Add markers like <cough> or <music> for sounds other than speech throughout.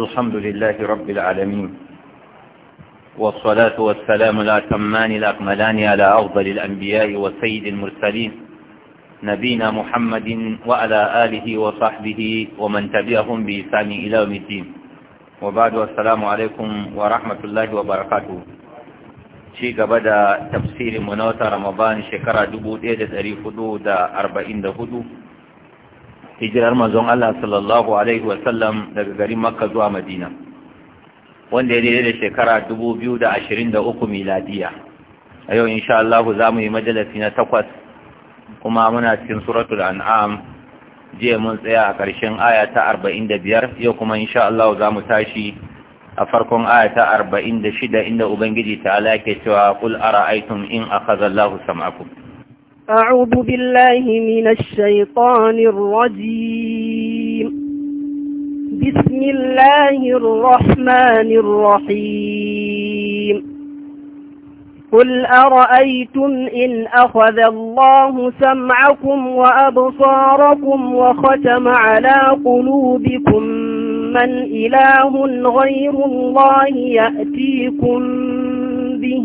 الحمد لله رب العالمين والصلاة والسلام الأتمان الأكملان على أفضل الأنبياء وسيد المرسلين نبينا محمد وعلى آله وصحبه ومن تبعهم بإسان إلى يوم الدين وبعد السلام عليكم ورحمة الله وبركاته ci gaba da tafsirin mu na wata Ramadan shekara 1444 hijirar manzon Allah sallallahu alaihi wasallam daga garin Makka zuwa Madina wanda ya daidai da shekara 2023 miladiya a yau insha Allah za mu yi majalasi na takwas kuma muna cikin suratul an'am jiya mun tsaya a ƙarshen aya ta 45 yau kuma insha Allah za mu tashi a farkon aya ta 46 inda ubangiji ta ala ke cewa ara itum in akhadha "Lahu sam'akum أعوذ بالله من الشيطان الرجيم بسم الله الرحمن الرحيم قل أرأيتم إن أخذ الله سمعكم وأبصاركم وختم على قلوبكم من إله غير الله يأتيكم به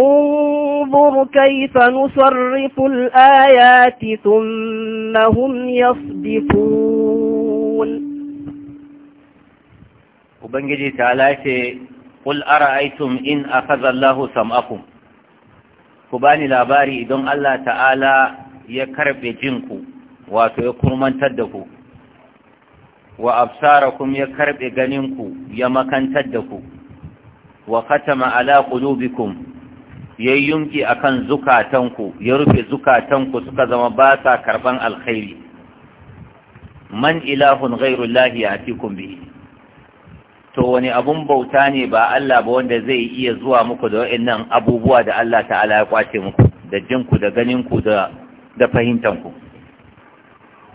انظر كيف نصرف الآيات ثم هم يصدفون Ubangiji ta ce, Kul ara'aitum in akaza Allahu sam'akum, ku bani labari idan Allah ta'ala ya karɓe jinku, wato ya kurmantar da ku, wa absarakum ya karɓe ganinku ya makantar da ku, wa katama ala qulubikum ya yunki a kan zukatanku ya rufe zukatanku suka zama ba sa karɓan alkhairi man ilahun lahi ya tikun bihi to wani abun bauta ne ba Allah ba wanda zai iya zuwa muku da wa'annan abubuwa da Allah ta'ala ya kwace muku da jinku da ganinku da da fahimtanku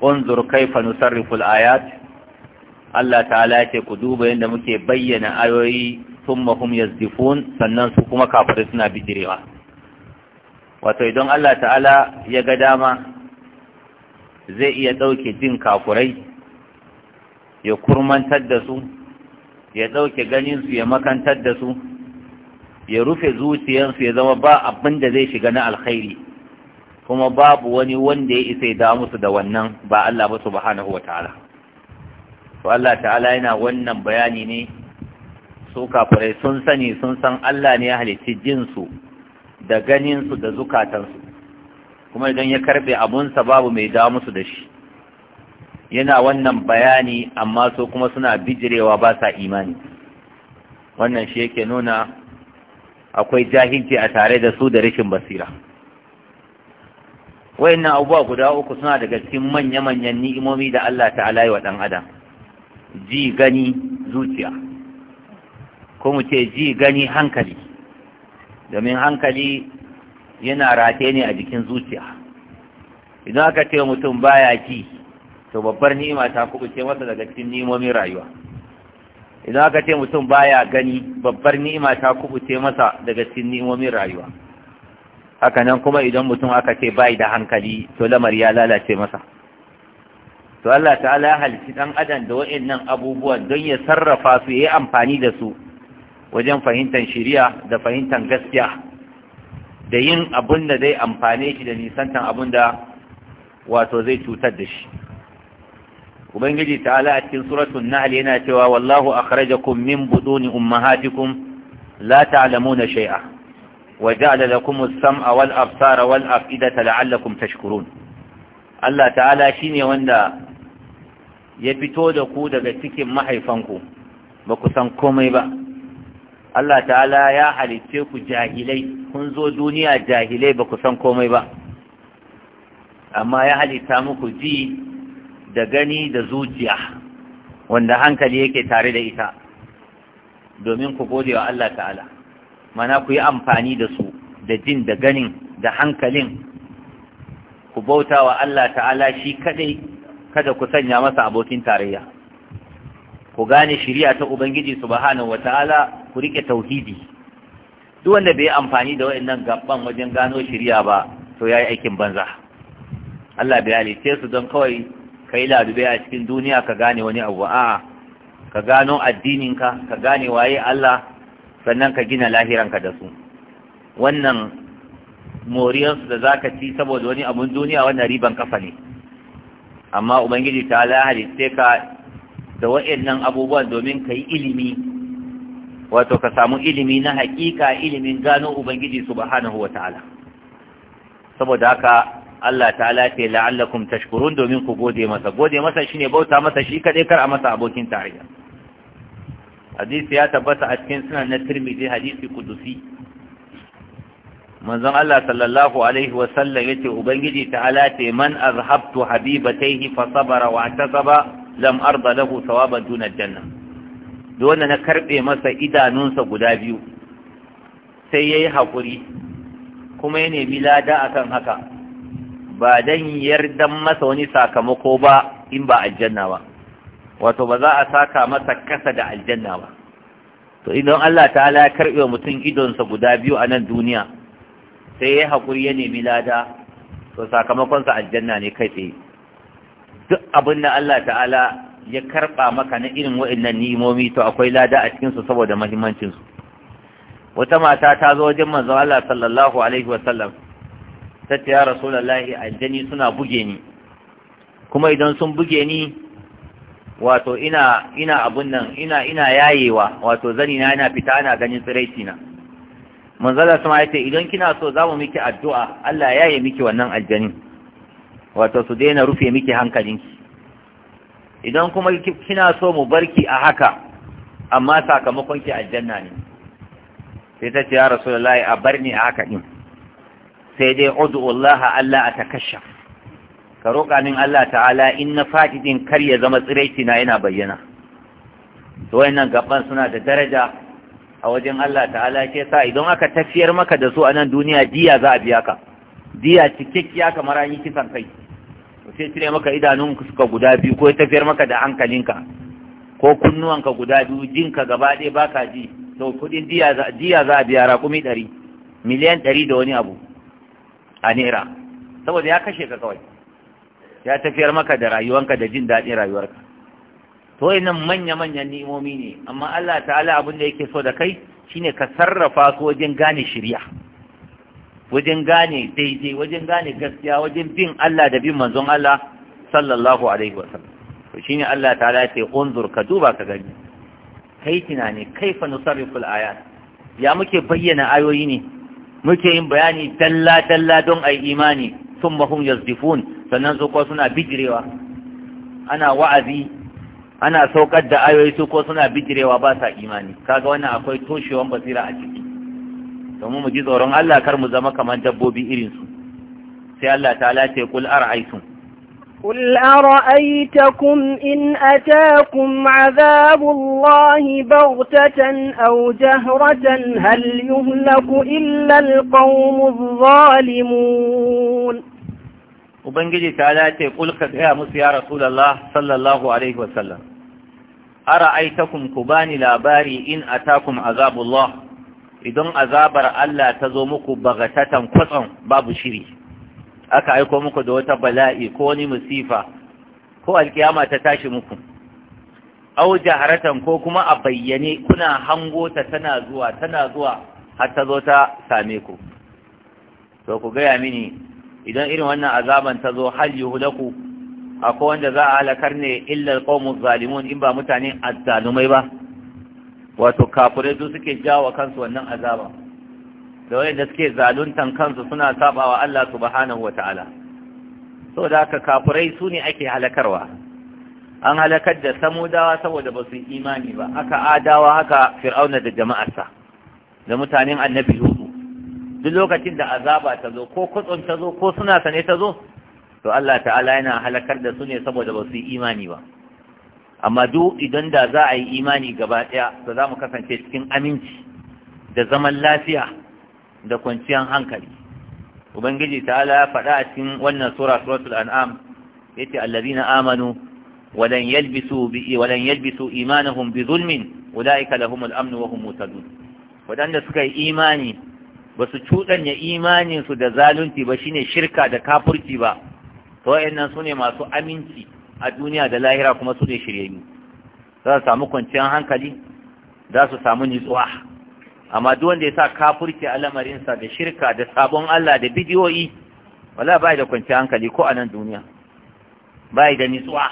unzur kaifa nusarrifu ayat Allah ta'ala ya ce ku duba yadda muke bayyana ayoyi thumma hum yazdifun sannan su kuma kafirai suna bijirewa wato idan Allah ta'ala ya ga dama zai iya ɗauke jin kafurai ya kurmantar da su ya ɗauke ganinsu ya makantar da su ya rufe zuciyarsu ya zama ba abin da zai shiga na alkhairi kuma babu wani wanda ya isa da musu da wannan ba Allah ba subhanahu wa ta'ala to Allah ta'ala yana wannan bayani ne su kafirai sun sani sun san Allah ne ya halicci jinsu da ganinsu da zukatansu kuma idan ya karbe abunsa babu mai dawo musu da shi yana wannan bayani amma so kuma suna bijirewa ba sa imani wannan shi yake nuna akwai jahilci a tare da su da rashin basira wayannan abubuwa guda uku suna daga cikin manya-manyan ni'imomi da Allah ta'ala yi wa ɗan adam ji gani zuciya ko mu ce ji gani hankali domin hankali yana rate ne a jikin zuciya idan aka ce mutum baya ji to babbar ni'ima ta ce masa daga cikin ni'imomin rayuwa idan aka ce mutum baya gani babbar ni'ima ta ce masa daga cikin ni'imomin rayuwa haka nan kuma idan mutum aka ce bai da hankali to lamar ya lalace masa to Allah ta'ala ya halitta dan adam da wa'annan abubuwan don ya sarrafa su yayi amfani da su wajen fahimtar shiriya da fahimtar gaskiya da yin abin da zai amfane shi da nisantan abin da wato zai cutar da shi ubangiji ta'ala a cikin suratun nahl yana cewa wallahu akhrajakum min buduni ummahatikum la shai'a. shay'a wa ja'ala lakum as a wal absara wal af'idata la'allakum tashkurun Allah ta'ala shine wanda ya fito da ku daga cikin mahaifanku ba ku san komai ba Allah ta'ala ya halicce ku jahilai kun zo duniya jahilai ba ku san komai ba amma ya halitta muku ji da gani da zuciya wanda hankali yake tare da ita domin ku gode wa Allah ta'ala mana ku yi amfani da su da jin da ganin da hankalin ku bauta wa Allah ta'ala shi kadai kada ku sanya masa abokin tarayya ku gane shiriya ta Ubangiji subhanahu ta'ala. ku riƙe tauhidi duk wanda bai amfani da waɗannan gaban wajen gano shirya ba to ya yi aikin banza Allah bai halitte su don kawai ka yi ladube a cikin duniya ka gane wani abu a'a ka gano addininka ka gane waye Allah sannan ka gina lahiranka da su wannan moriyarsu da zaka ci saboda wani abun duniya wannan riban kafa ne amma ubangiji ta halitte ka da wayannan abubuwan domin ka yi ilimi wato ka samu ilimi na hakika ilimin gano ubangiji subhanahu wataala saboda haka Allah ta'ala ce la'allakum tashkurun domin ku gode masa gode masa shine bauta masa shi kadai kar a masa abokin tarayya hadisi ya tabbata a cikin sunan na Tirmidhi hadisi kudusi manzon Allah sallallahu alaihi wa sallam yace ubangiji ta'ala ce man azhabtu habibatayhi fa sabara wa atasaba lam arda lahu thawaban duna janna Dole na karɓe masa idanunsa guda biyu sai ya yi haƙuri kuma ya nemi lada akan haka ba don yardan masa wani sakamako ba in ba aljanna ba wato ba za a saka masa kasa da aljanna ba to idan Allah ta'ala ya karɓe mutum idonsa guda biyu a nan duniya sai ya hakuri ya nemi lada to sakamakonsa aljanna ne kai tsaye duk abin da Allah ta'ala ya karɓa maka na irin wa'annan ni'imomi to akwai lada a cikinsu saboda mahimmancinsu wata mata ta zo wajen manzon Allah sallallahu alaihi wasallam ta ce ya rasulullahi aljani suna buge ni kuma idan sun buge ni wato ina ina abun nan ina ina yayewa wato zani na yana fita ana ganin tsiraici na manzon Allah sama ya ce idan kina so za mu miki addu'a Allah yaye miki wannan aljani wato su daina rufe miki hankalinki idan kuma kina so mu barki a haka amma sakamakon ki aljanna ne sai ta ce ya rasulullahi a barni a haka din sai dai ud'ullaha Allah a takasha ka roƙa min Allah ta'ala in na faɗi din kar ya zama tsiraiti na yana bayyana to wayannan gaban suna da daraja a wajen Allah ta'ala ke sa idan aka tafiyar maka da su a nan duniya diya za a biya ka diya cikakkiya kamar an yi kisan kai sai cire maka idanunka suka guda biyu ko ya tafiyar maka da hankalinka ko kunnuwanka guda biyu jinka gaba ɗaya ba ka ji to kuɗin jiya za a biya raƙumi ɗari miliyan ɗari da wani abu a naira saboda ya kashe ka kawai ya tafiyar maka da rayuwanka da jin daɗin rayuwarka to nan manya-manyan ni'imomi ne amma Allah ta'ala abin da yake so da kai shine ka sarrafa su wajen gane shirya wajen gane daidai wajen gane gaskiya wajen bin Allah da bin manzon Allah sallallahu alaihi wasallam to ne Allah ta'ala ce unzur ka duba ka gani kai tunani kaifa nusarriful ayat ya muke bayyana ayoyi ne muke yin bayani dalla dalla don ai imani thumma hum yazdifun sannan su ko suna bijirewa ana wa'azi ana saukar da ayoyi su ko suna bijirewa ba sa imani kaga wannan akwai toshewan basira a ciki domin mu ji tsoron Allah kar mu zama kamar dabbobi irin su sai Allah ta'ala ce kul ara'aytum قل أرأيتكم إن أتاكم عذاب الله بغتة أو جهرة هل يهلك إلا القوم الظالمون وبنجي تعالى قل قد يا مس يا رسول الله صلى الله عليه وسلم أرأيتكم كباني لاباري إن أتاكم عذاب الله idan azabar Allah ta zo muku bagatatan kwatsan babu shiri aka aiko muku da wata bala'i ko wani musifa ko alkiyama ta tashi muku au jaharatan ko kuma a bayyane kuna hango ta tana zuwa tana zuwa har ta zo ta same ku to ku gaya mini idan irin wannan azaban ta zo hal yuhlaku akwai wanda za a halakar ne illa alqawmu zalimun in ba mutane azzalumai ba wato kafurai su suke jawo kansu wannan azaba da wanda suke zaluntan kansu suna sabawa Allah subhanahu wataala da aka kafurai su ne ake halakarwa an halakar da samudawa saboda ba su yi imani ba aka adawa haka fir'auna da jama'arsa da mutanen annabi hudu duk lokacin da azaba ta zo ko kutsun ta zo ko suna sane ta zo to Allah ta'ala yana halakar da su ne saboda ba su yi imani ba amma duk idan da za a yi imani gaba ɗaya to za mu kasance cikin aminci da zaman lafiya da kwanciyar hankali ubangiji ta'ala ya faɗa a cikin wannan sura suratul an'am yace allazina amanu walan yalbisu bi walan yalbisu imanahum bi zulmin ulaika lahumul amnu wa hum mutadun wadanda suka yi imani basu cudanya imanin su da zalunci ba shine shirka da kafirci ba to wayannan sune masu aminci a duniya da lahira kuma su ne shiryayyu za su samu kwanciyar hankali za su samu nitsuwa amma duk wanda ya sa kafurke a lamarinsa da shirka da sabon Allah da bidiyoyi wala bai da kwanciyar hankali ko a nan duniya bai da nitsuwa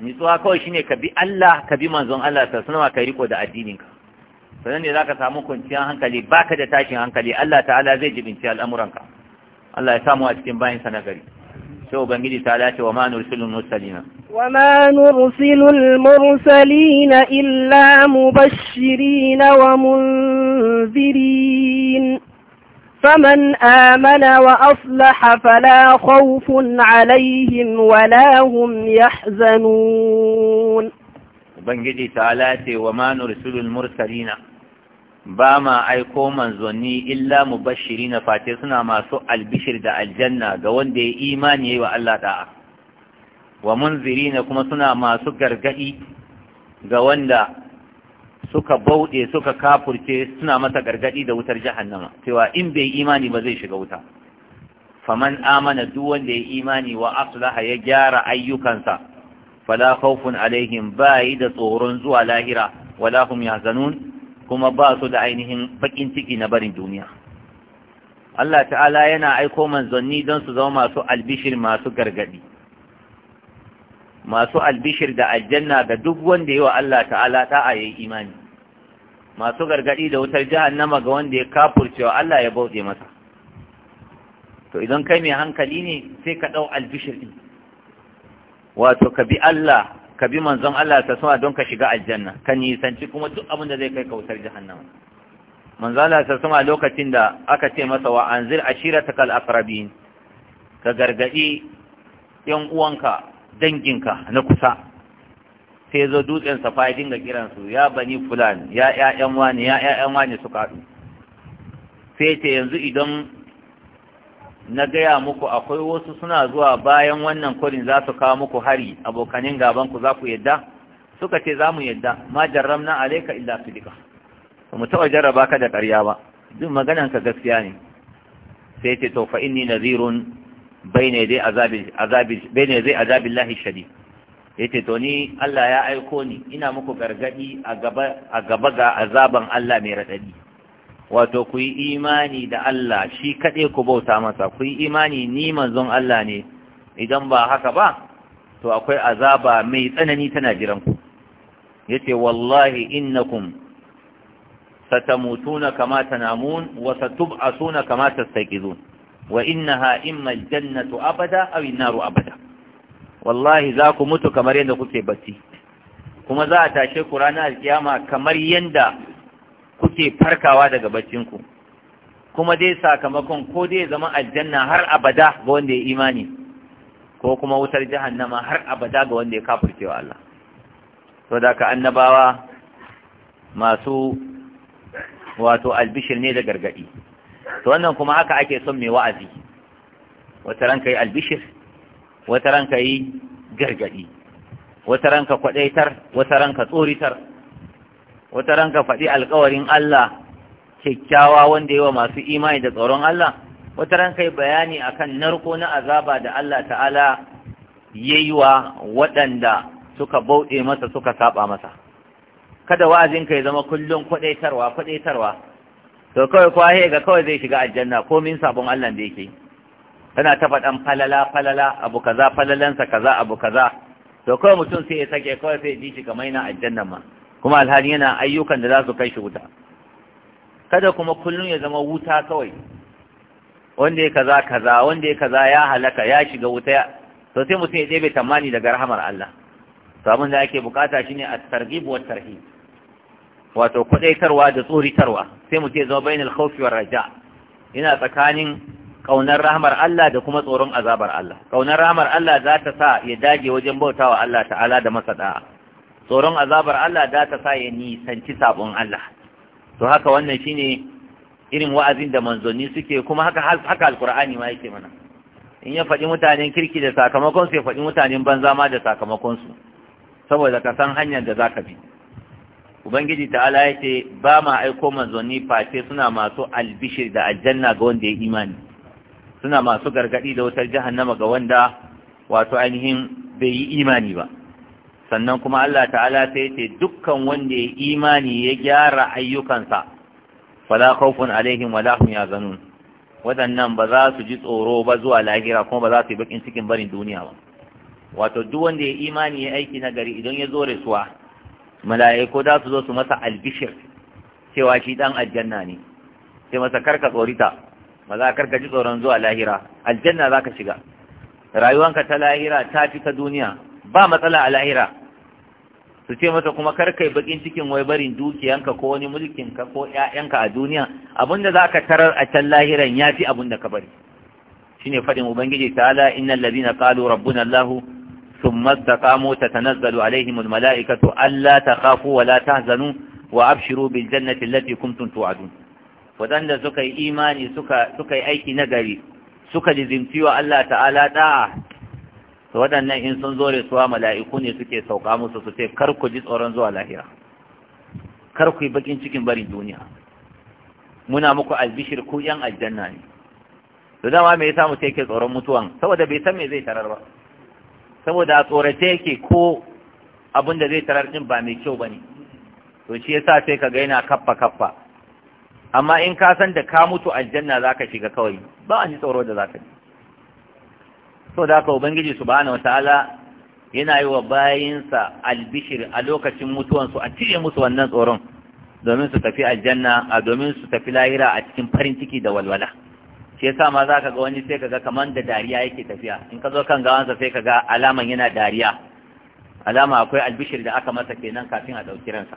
nitsuwa kawai shine ka bi Allah ka bi manzon Allah ta sanama ka riko da addininka sannan ne zaka samu kwanciyar hankali baka da tashin hankali Allah ta'ala zai jibinci al'amuranka Allah ya samu a cikin bayin sa nagari شو بنجدي ثلاثة وما نرسل المرسلين وما نرسل المرسلين إلا مبشرين ومنذرين فمن آمن وأصلح فلا خوف عليهم ولا هم يحزنون بنجدي ثلاثة وما نرسل المرسلين ba ma aiko manzanni illa mubashiri na face suna masu albishir da aljanna ga wanda ya imani yi wa Allah da'a wa munziri na kuma suna masu gargadi ga wanda suka bauɗe suka kafurce suna masa gargadi da wutar jahannama cewa in bai imani ba zai shiga wuta faman amana duk wanda ya imani wa aslaha ya gyara ayyukansa fala khawfun alaihim bayi da tsoron zuwa lahira wala hum yahzanun kuma ba su da ainihin bakin ciki na barin duniya Allah ta'ala yana aiko manzanni don su zama masu albishir masu gargadi masu albishir da aljanna ga duk wanda yi wa Allah ta'ala ta'a yayi imani masu gargadi da wutar jihar jahannama ga wanda ya kafurcewa Allah ya bauɗe masa to idan kai mai hankali ne sai ka ɗau albishir ɗin wato ka bi Allah ka bi manzon Allah ta sama don ka shiga aljanna ka nisanci kuma duk abin da zai kai kautar jahannama manzon Allah ta sama lokacin da aka ce masa wa anzir ashiratakal aqrabin ka gargadi yan uwanka danginka na kusa sai zo dutsen safa ya dinga kiransu ya bani fulan ya ya'yan wani ya ya'yan wani suka haɗu sai ce yanzu idan na gaya muku akwai wasu suna zuwa bayan wannan kwarin za su kawo muku hari abokanin gabanku za ku yadda suka ce za mu yadda ma jarramna alaika illa sidika ba mu taɓa jarraba ka da ƙarya ba duk maganarka ka gaskiya ne sai ce to fa inni nazirun bai dai zai azabil baina dai azabillahi shadid yace to ni Allah ya aiko ni ina muku gargadi a gaba ga azaban Allah mai radadi wato ku yi imani da Allah shi kaɗai ku bauta masa ku yi imani ni manzon Allah ne idan ba haka ba to akwai azaba mai tsanani tana jiranku. Ya yace wallahi innakum satamutuna kama tanamun wa satub'asuna kama tastaqizun wa innaha imma aljannatu abada aw an-naru abada wallahi za ku mutu kamar yadda kuke bacci kuma za a tashe ku ranar kiyama kamar yadda kuke farkawa daga baccin ku? kuma dai sakamakon ko dai zama aljanna har abada ga wanda ya imani ko kuma wutar jahannama har abada ga wanda ya kafirce Allah to da ka annabawa masu wato albishir ne da gargadi to wannan kuma haka ake son mai wa'azi wata ranka yi albishir wata ranka yi gargadi wata ranka kwadaitar wata ranka tsoritar wata ranka faɗi alkawarin Allah kyakkyawa wanda wa masu imani da tsoron Allah wata ranka yi bayani akan narko na azaba da Allah ta'ala ya yi wa waɗanda suka bauɗe masa suka saba masa kada wa'azinka ya zama kullum kwaɗaitarwa kwaɗaitarwa to kawai kwahe ga kawai zai shiga aljanna min sabon Allah da yake Kana ta faɗan falala falala abu kaza falalansa kaza abu kaza to kawai mutum sai ya sake kawai sai ya ji shi kamar yana aljannan ma kuma alhari yana ayyukan da za su kai shi wuta kada kuma kullum ya zama wuta kawai wanda ya kaza kaza wanda ya kaza ya halaka ya shiga wuta to sai mutum ya ɗebe tamani daga rahamar Allah to da ake bukata shine at-targhib wa tarhib wato kudaitarwa da tsoritarwa sai mutum ya zama bainal khawfi war raja yana tsakanin kaunar rahmar Allah da kuma tsoron azabar Allah kaunar rahmar Allah za ta sa ya dage wajen bautawa Allah ta'ala da masa da'a tsoron azabar Allah da ta sa ya nisanci sabon Allah to haka wannan shine irin wa'azin da manzoni suke kuma haka haka alkur'ani ma yake mana in ya faɗi mutanen kirki da sakamakon su ya faɗi mutanen banza ma da sakamakon su saboda ka san hanyar da zaka bi ubangiji ta'ala ala ce ba ma aiko manzanni face suna masu albishir da aljanna ga wanda ya imani suna masu gargadi da wutar jahannama ga wanda wato ainihin bai yi imani ba sannan kuma Allah ta'ala sai ce dukkan wanda ya imani ya gyara ayyukansa fala khawfun alaihim wala hum yazanun wadannan ba za su ji tsoro ba zuwa lahira kuma ba za su yi bakin cikin barin duniya ba wato duk wanda ya imani ya aiki na gari idan ya zo rasuwa mala'iku za su zo su masa albishir cewa shi dan aljanna ne sai masa karka tsorita ba za karka ji tsoron zuwa lahira aljanna za ka shiga rayuwanka ta lahira ta fi ta duniya ba matsala a lahira su ce masa kuma kar yi bakin cikin wai barin dukiyanka ko wani mulkin ka ko ƴaƴanka a duniya abinda zaka tarar a can lahiran yafi abinda ka bari shine fadin ubangiji ta'ala innal ladina qalu rabbuna allah thumma istaqamu tatanazzalu alaihim al malaikatu alla takhafu wa la tahzanu wa abshiru bil jannati allati kuntum tu'adun wadanda suka yi imani suka suka yi aiki nagari suka lizimtiwa Allah ta'ala da to waɗannan in sun zo suwa mala'iku ne suke sauƙa musu su ce kar ku ji tsoron zuwa lahira kar yi bakin cikin barin duniya muna muku albishir ku yan aljanna ne to dama mai samu mu ke tsoron mutuwan saboda bai san me zai tarar ba saboda a tsorace yake ko abin da zai tarar ɗin ba mai kyau ba ne, to shi yasa sai ka gaina yana kaffa kaffa amma in ka san da ka mutu aljanna za ka shiga kawai ba a ji tsoro da za ka ji so da haka ubangiji subhanahu wataala yana yi wa bayinsa albishir a lokacin mutuwansu a cire musu wannan tsoron domin su tafi aljanna a domin su tafi lahira a cikin farin ciki da walwala shi yasa ma zaka ga wani sai kaga kaman da dariya yake tafiya in ka zo kan gawansa sai kaga alaman yana dariya alama akwai albishir da aka masa kenan kafin a dauki ransa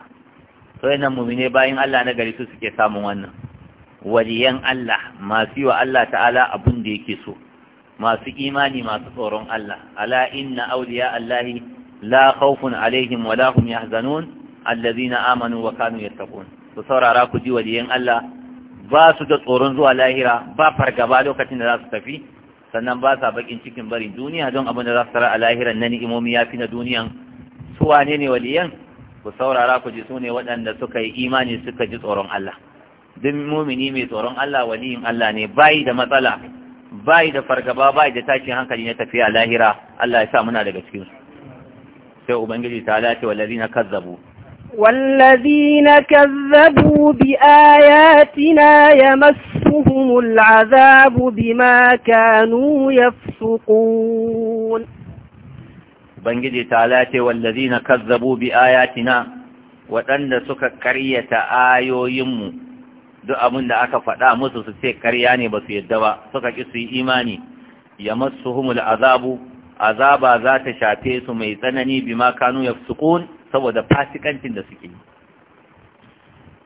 to yana mumine bayin Allah na gari su suke samun wannan waliyan Allah masu yi wa Allah ta'ala abin da yake so masu imani masu tsoron Allah ala inna awliya Allah la khawfun alaihim wa la hum yahzanun allazina amanu wa kanu yattaqun to saurara ku ji waliyan Allah ba su da tsoron zuwa lahira ba fargaba lokacin da za su tafi sannan ba sa bakin cikin barin duniya don abin da za su tara a lahira na ni'imomi ya fi na duniyan su wane ne waliyan ku saurara ku ji su ne waɗanda suka yi imani suka ji tsoron Allah duk mumini mai tsoron Allah waliyin Allah ne bayi da matsala bai da fargaba bai da tashin hankali na tafiya lahira Allah ya sa muna daga cikin su sai ubangiji ta lati wallazina kazzabu wallazina kazzabu bi ayatina yamassuhum azabu bima kanu yafsuqun ubangiji ta lati wallazina kazzabu bi ayatina waɗanda suka karyata ayoyinmu duk abin da aka faɗa musu su ce karya ne ba su yadda ba suka ƙi su yi imani ya masu humul azabu azaba za ta shafe su mai tsanani bi ma kanu ya sukun saboda fasikancin da suke yi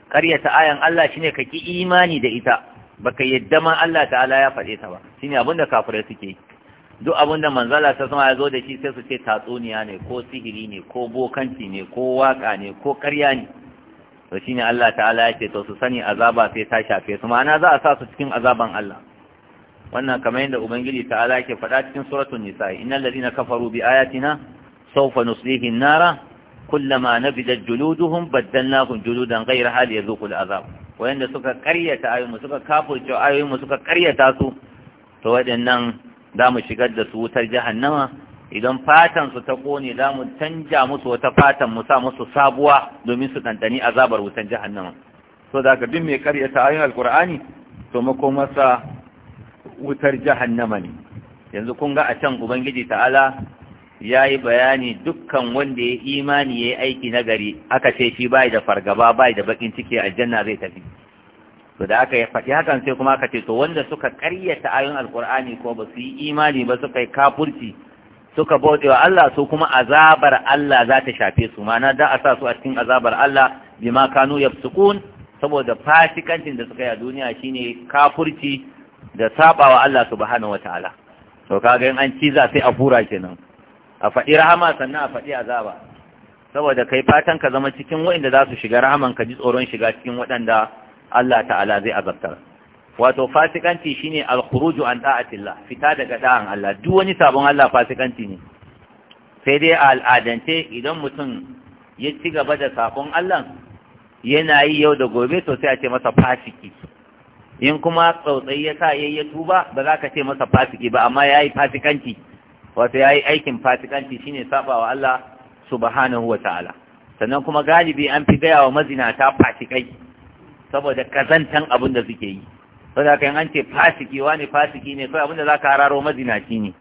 ƙaryata ayan Allah ne ka ƙi imani da ita baka yadda ma Allah ta'ala ya faɗe ta ba shine abin da kafirai suke yi duk abin da manzala ta sama ya zo da shi sai su ce tatsuniya ne ko sihiri ne ko bokanci ne ko waka ne ko karya ne to ne Allah ta'ala ya ce to su sani azaba sai ta shafe su ma'ana za a sa su cikin azaban Allah wannan kamar yadda ubangiji ta'ala yake faɗa cikin suratul nisa innal ladina kafaru bi ayatina sawfa nuslihim nara kullama nabidat juluduhum baddalnahum juludan ghayra hal yazuqul azab wayanda suka karyata ayoyinmu suka kafurce ayoyinmu suka karyata su to waɗannan za mu shigar da su wutar jahannama idan fatan su ta ƙone, za mu canja musu wata fatan mu sa musu sabuwa domin su ɗanɗani azabar wutan jahannama so da duk mai ta ayin alkur'ani to sa wutar jahannama ne yanzu kun ga a can ubangiji ta'ala ya yi bayani dukkan wanda ya imani ya yi aiki na gari aka ce shi bai da fargaba bai da bakin ciki aljanna zai tafi to da aka faɗi hakan sai kuma aka ce to wanda suka karyata ayin alkur'ani ko ba su yi imani ba suka yi kafurci suka bauɗe wa Allah su kuma azabar Allah za ta shafe su mana da a sa su a cikin azabar Allah bima kanu sukun saboda fasikancin da suka yi a duniya shine kafurci da sabawa Allah su wata ala. to kaga in an ciza sai a fura kenan a faɗi rahama sannan a faɗi azaba saboda kai fatan ka zama cikin waɗanda za su shiga rahaman ka ji tsoron shiga cikin waɗanda Allah ta'ala zai azabtar wato fasikanci shine al-khuruju an da'atillah fita daga da'an Allah duk wani sabon Allah fasikanci ne sai dai al'adance idan mutum ya ci gaba da sakon Allah yana yi yau da gobe to sai a ce masa fasiki in kuma tsautsai ya sa yayi ya tuba ba za ka ce masa fasiki ba amma yayi fasikanci wato yayi aikin fasikanci shine sabawa Allah subhanahu wataala sannan kuma galibi an fi gaya wa mazinata fasikai saboda kazantan abin da suke yi aka kan an ce fasiki wani fasiki ne kai abinda zaka hararo mazinaci ne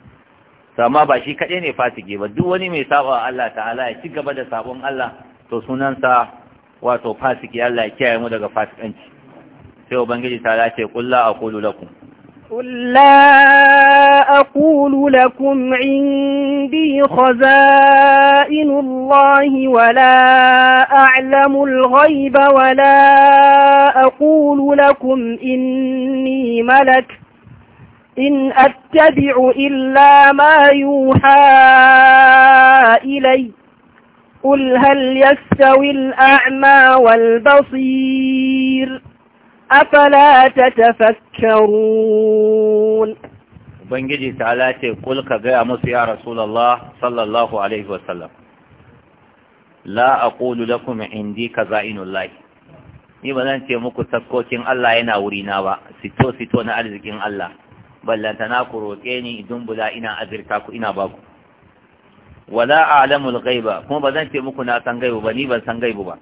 to amma ba shi kaɗai ne fasiki ba duk wani mai saba Allah ta'ala ya ci gaba da sabon Allah to sunansa wato fasiki Allah ya kiyaye mu daga fasikanci sai ubangiji ta ce kullu aqulu lakum قل لا أقول لكم عندي خزائن الله ولا أعلم الغيب ولا أقول لكم إني ملك إن أتبع إلا ما يوحى إلي قل هل يستوي الأعمى والبصير أفلا تتفكرون Ubangiji ta ce kul ka gaya musu ya Rasulallah sallallahu Alaihi wasallam, La a ƙulu lakum indi ka ni ba zan ce muku sakkokin Allah yana wurina ba, sito-sito na arzikin Allah, ballanta na ku roƙe ni idan bula ina azirta ku ina baku. Wala a alamul gaiba, kuma ba zan ce muku na san gaibu ba, ni ban san gaibu ba.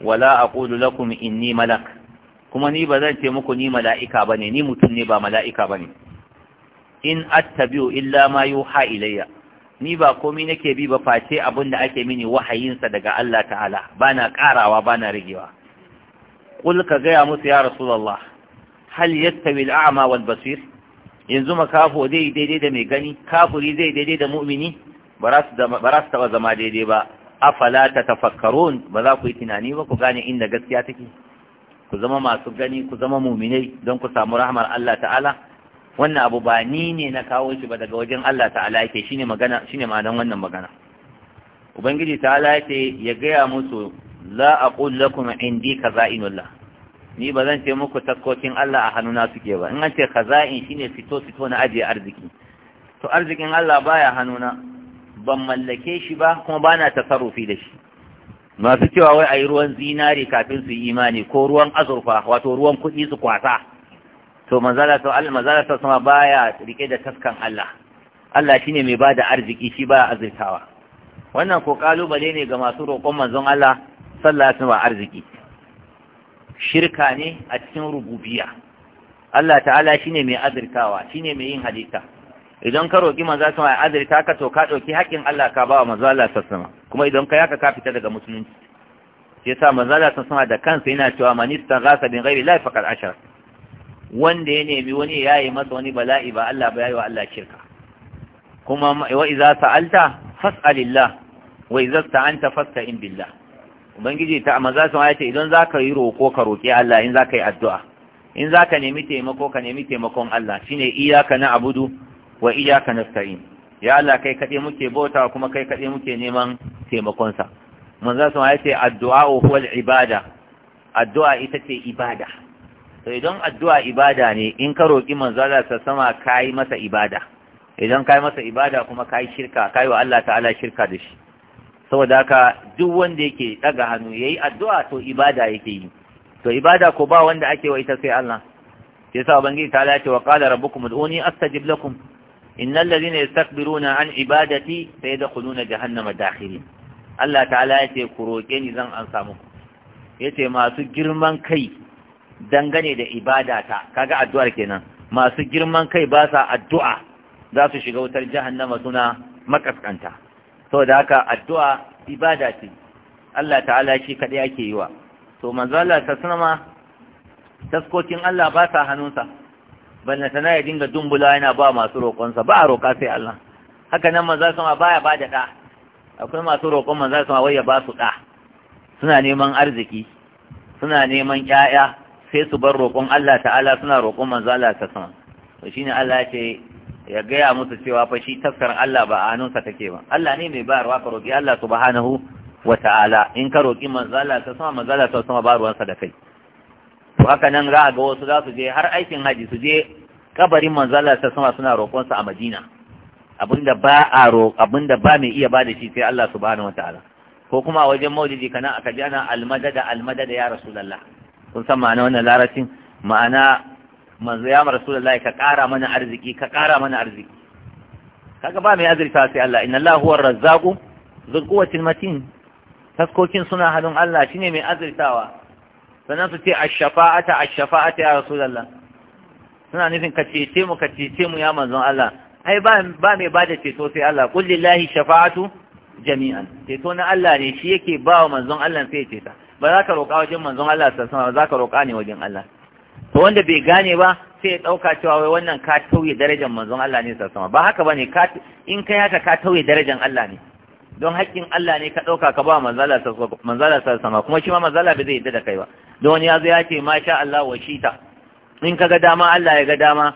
Wala a ƙulu lakum inni malak, kuma ni ba zan ce muku ni mala'ika ba ne ni mutum ne ba mala'ika ba ne in attabi'u illa ma yuha ilayya ni ba komai nake bi ba face abin da ake mini wahayinsa daga Allah ta'ala ba bana karawa bana rigewa kul ka gaya musu ya rasulullah hal yattabi al'ama wal basir yanzu makafo dai daidai da mai gani kafuri zai daidai da mu'mini ba za su taɓa zama daidai ba afala tatafakkarun ba za ku yi tunani ba ku gane inda gaskiya take ku zama masu gani ku zama muminai don ku samu rahmar Allah ta'ala wannan abu ba ni ne na kawo shi ba daga wajen Allah ta'ala yake shine magana shine ma'anar wannan magana ubangiji ta'ala yake ya gaya musu la aqul lakum indi kaza'inullah ni ba zan ce muku takkokin Allah a hannuna suke ba in an ce kaza'in shine fito fito na ajiye arziki to arzikin Allah baya hannuna ban mallake shi ba kuma bana tasarrufi da shi masu cewa wai a yi ruwan zinari kafin su yi imani ko ruwan azurfa wato ruwan kuɗi su kwasa to manzala ta Allah baya rike da taskan Allah Allah shine mai bada arziki shi ba azurtawa wannan ko kalubale ne ga masu roƙon manzon Allah sallallahu alaihi wasallam arziki shirka ne a cikin rububiya. Allah ta'ala shine mai azurtawa shine mai yin halitta idan ka roƙi manzo sama ya azurta ka to ka ɗauki haƙƙin Allah ka ba wa manzo Allah sassama kuma idan ka yaka ka fita daga musulunci shi yasa manzo Allah sassama da kansa yana cewa man istaghasa bin ghairi la faqad ashrak wanda ya nemi wani ya yi masa wani bala'i ba Allah ba yayi wa Allah shirka kuma wa idza sa'alta fas'alillah wa idza sta'anta fasta'in billah ubangiji ta manzo sama ya ce idan zaka yi roƙo ka roƙi Allah in zaka yi addu'a in zaka nemi taimako ka nemi taimakon Allah shine iyaka na abudu wa iyyaka nasta'in ya Allah kai kaɗai muke bauta kuma kai kaɗai muke neman taimakonsa manzon sun ya ce addu'a huwa ibada addu'a ita ce ibada to idan addu'a ibada ne in ka roƙi manzo Allah ta sama kai masa ibada idan kai masa ibada kuma kai shirka kai wa Allah ta'ala shirka da shi saboda haka duk wanda yake daga hannu yayi addu'a to ibada yake yi to ibada ko ba wanda ake wa ita sai Allah yasa ubangiji ta ce wa qala rabbukum ud'uni astajib lakum Inna innal ladina yastakbiruna an ibadati sayadkhuluna jahannama dakhirin Allah ta'ala yace ku roke ni zan an samu yace masu girman kai dangane da ibadata kaga addu'ar kenan masu girman kai ba addu'a za su shiga wutar jahannama suna makaskanta saboda haka addu'a ibada ce Allah ta'ala shi kaɗai ake yiwa. wa to manzo Allah ta sanama taskokin Allah ba sa hannunsa sana ya dinga dumbula yana ba masu roƙonsa ba a roƙa sai Allah haka nan manzo sama baya ba da ɗa akwai masu roƙon manzo sama wai ya ba su ɗa suna neman arziki suna neman ƴaƴa sai su bar roƙon Allah ta'ala suna roƙon manzo Allah ta sama to shine Allah ya ce ya gaya musu cewa fa shi tafsir Allah ba a hannunsa take ba Allah ne mai bayarwa ka roƙi Allah subhanahu wa ta'ala in ka roƙi manzo Allah ta sama manzo Allah ta sama ba ruwansa da kai to haka nan za a ga wasu za su je har aikin haji su je kabarin manzala ta sama suna roƙonsa a madina abinda ba ba mai iya bada shi sai Allah bani wataala ko kuma a wajen maulidi kana aka ji ana almadada almadada ya rasu lallah. kun san ma'ana wannan larabcin ma'ana manzo ya rasulullah ka ƙara mana arziki ka ƙara mana arziki kaga ba mai azurta sai Allah inna Allah huwa razzaqu dhul quwwatil matin taskokin suna hannun Allah shine mai azurtawa sannan su ce a shafaata a shafaata ya rasu Allah suna nufin ka cece mu ka cece mu ya manzon Allah ai ba ba mai bada ceto sai Allah Kulli lahi shafa'atu jami'an ceto na Allah ne shi yake ba wa manzon Allah sai ya ceta ba za ka roƙa wajen manzon Allah sallallahu ba za ka roƙa ne wajen Allah to wanda bai gane ba sai ya ɗauka cewa wai wannan ka tauye darajar manzon Allah ne sassama ba haka bane ne in kai haka ka tauye darajar Allah ne don haƙƙin Allah ne ka ɗauka ka ba manzala sassama kuma shi ma manzala bai zai yadda da kai ba da wani ya zo ya ce masha Allah wa shita in ka ga dama Allah ya ga dama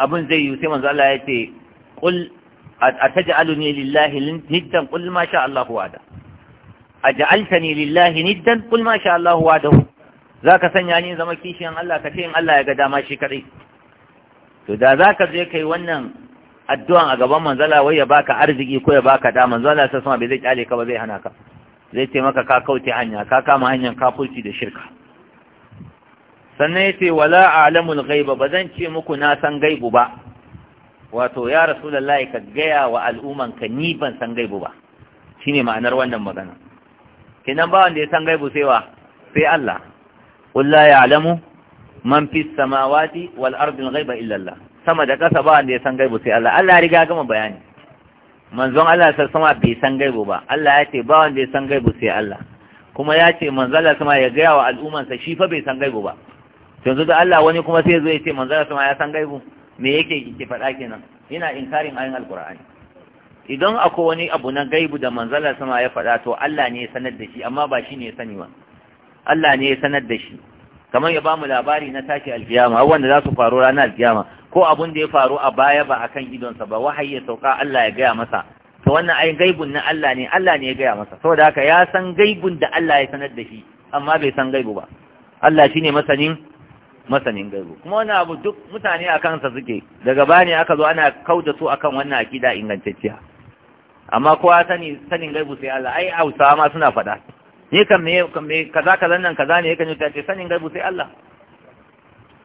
abin zai yi sai manzo Allah ya ce qul ataj'aluni lillahi niddan qul ma sha Allah wada aj'altani lillahi niddan qul ma sha Allah wadahu zaka sanya ni zama kishiyan Allah ka ce in Allah ya ga dama shi kadai to da zaka je kai wannan addu'an a gaban manzala wai ya baka arziki ko ya baka da manzala sai sama bai zai kyale ka ba zai hana ka zai ce maka ka kauce hanya ka kama hanyar kafurci da shirka sannan ya ce wala alamul gaiba ba zan ce muku na san gaibu ba wato ya rasulullahi ka gaya wa al'umman ka ni ban san gaibu ba shine ma'anar wannan magana kinan ba wanda ya san gaibu sai wa sai Allah qul la ya'lamu man fis samawati wal ardi al ghaiba illa Allah sama da kasa ba wanda ya san gaibu sai Allah Allah ya riga gama bayani manzon Allah sama bai san gaibu ba Allah ya ce ba wanda ya san gaibu sai Allah kuma ya ce manzon Allah sama ya gaya wa sa, shi fa bai san gaibu ba yanzu da Allah wani kuma sai zo ya ce manzon Allah sama ya san gaibu me yake ki faɗa kenan Ina inkarin ayin alqur'ani idan akwai wani abu na gaibu da manzon Allah sama ya faɗa to Allah ne ya sanar da shi amma ba shi ne ya sani ba Allah ne ya sanar da shi kamar ya bamu labari na tashi alkiyama wanda za su faru ranar alkiyama ko abun da ya faru a baya ba akan idonsa ba wahayi ya sauka Allah ya gaya masa to wannan ai gaibun na Allah ne Allah ne ya gaya masa saboda haka ya san gaibun da Allah ya sanar da shi amma bai san gaibu ba Allah shine masanin masanin gaibu kuma wannan abu duk mutane a kansa suke daga bani aka zo ana kauda su akan wannan akida ingantacciya amma kowa sani sanin gaibu sai Allah ai Hausawa ma suna faɗa ni kan me kaza kaza nan kaza ne yakan ta ce sanin gaibu sai Allah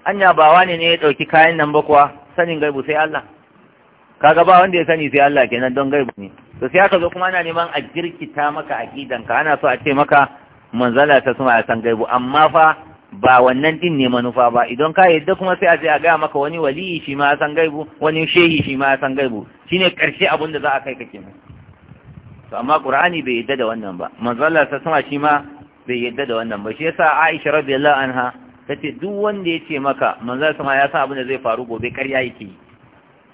anya ba wani ne ya ɗauki kayan nan ba kuwa sanin gaibu sai Allah kaga ba wanda ya sani sai Allah kenan don gaibu ne to sai aka zo kuma ana neman a girkita maka aqidanka ana so a ce maka manzala ta suma ya san gaibu amma fa ba wannan din ne manufa ba idan ka yadda kuma sai a je a gaya maka wani waliyi shi ma ya san gaibu wani shehi shi ma ya san gaibu shine karshe abin da za a kai ka kenan to amma qur'ani bai yadda da wannan ba manzala ta suma shi ma bai yadda da wannan ba shi yasa Aisha radiyallahu anha ce duk wanda ya ce maka manzan sama ya san abin da zai faru gobe ƙarya yake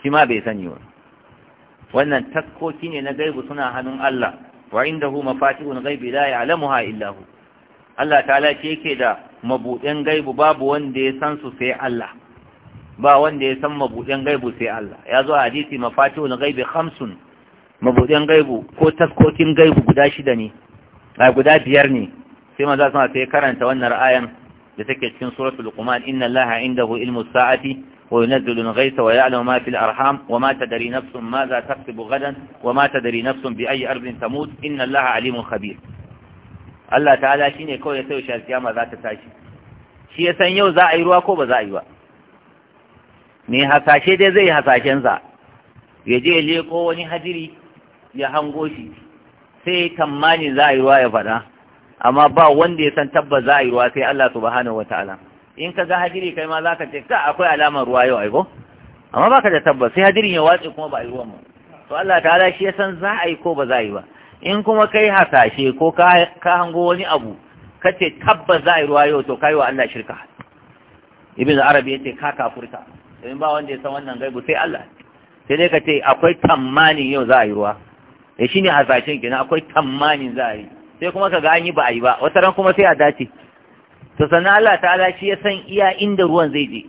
shi ma bai sani ba wannan taskoki ne na gaibu suna hannun Allah wa indahu mafatihul ghaibi la ya'lamuha illa hu Allah ta'ala shi yake da mabudin gaibu babu wanda ya san su sai Allah ba wanda ya san mabudin gaibu sai Allah ya zo a hadisi mafatihul ghaibi khamsun mabudin gaibu ko taskokin gaibu guda shida ne a guda biyar ne sai manzo sama sai karanta wannan ra'ayan da take cikin suratul luqman inna allaha indahu ilmu sa'ati وينزل الغيث wa ما في الأرحام وما تدري نفس ماذا تكسب غدا وما تدري نفس بأي أرض تموت إن الله عليم خبير Allah ta'ala shi ne kawai ya sai shi kiyama za ta tashi shi ya san yau za a yi ruwa ko ba za a yi ba me hasashe dai zai hasashen hasashensa ya je leko wani hadiri ya hango shi sai tamani za a yi ruwa ya faɗa amma ba wanda ya san tabba za a yi ruwa sai Allah subhanahu wataala in ka ga hadiri kai ma za ka ce ka akwai alamar ruwa yau aiko amma ba ka da tabbas sai hadirin ya watsi kuma ba a yi ruwan mu to Allah ta'ala shi ya san za a yi ko ba za a yi ba in kuma kai hasashe ko ka hango wani abu ka ce tabbas za a yi ruwa yau to kai wa Allah shirka ibn arabi ya ce ka kafurta domin ba wanda ya san wannan gaibu sai Allah sai dai ka ce akwai tamanin yau za a yi ruwa eh shine hasashen kenan akwai tamanin za a yi sai kuma ka ga an yi ba a yi ba wata ran kuma sai a dace to sannan Allah ta'ala shi ya san iya inda ruwan zai je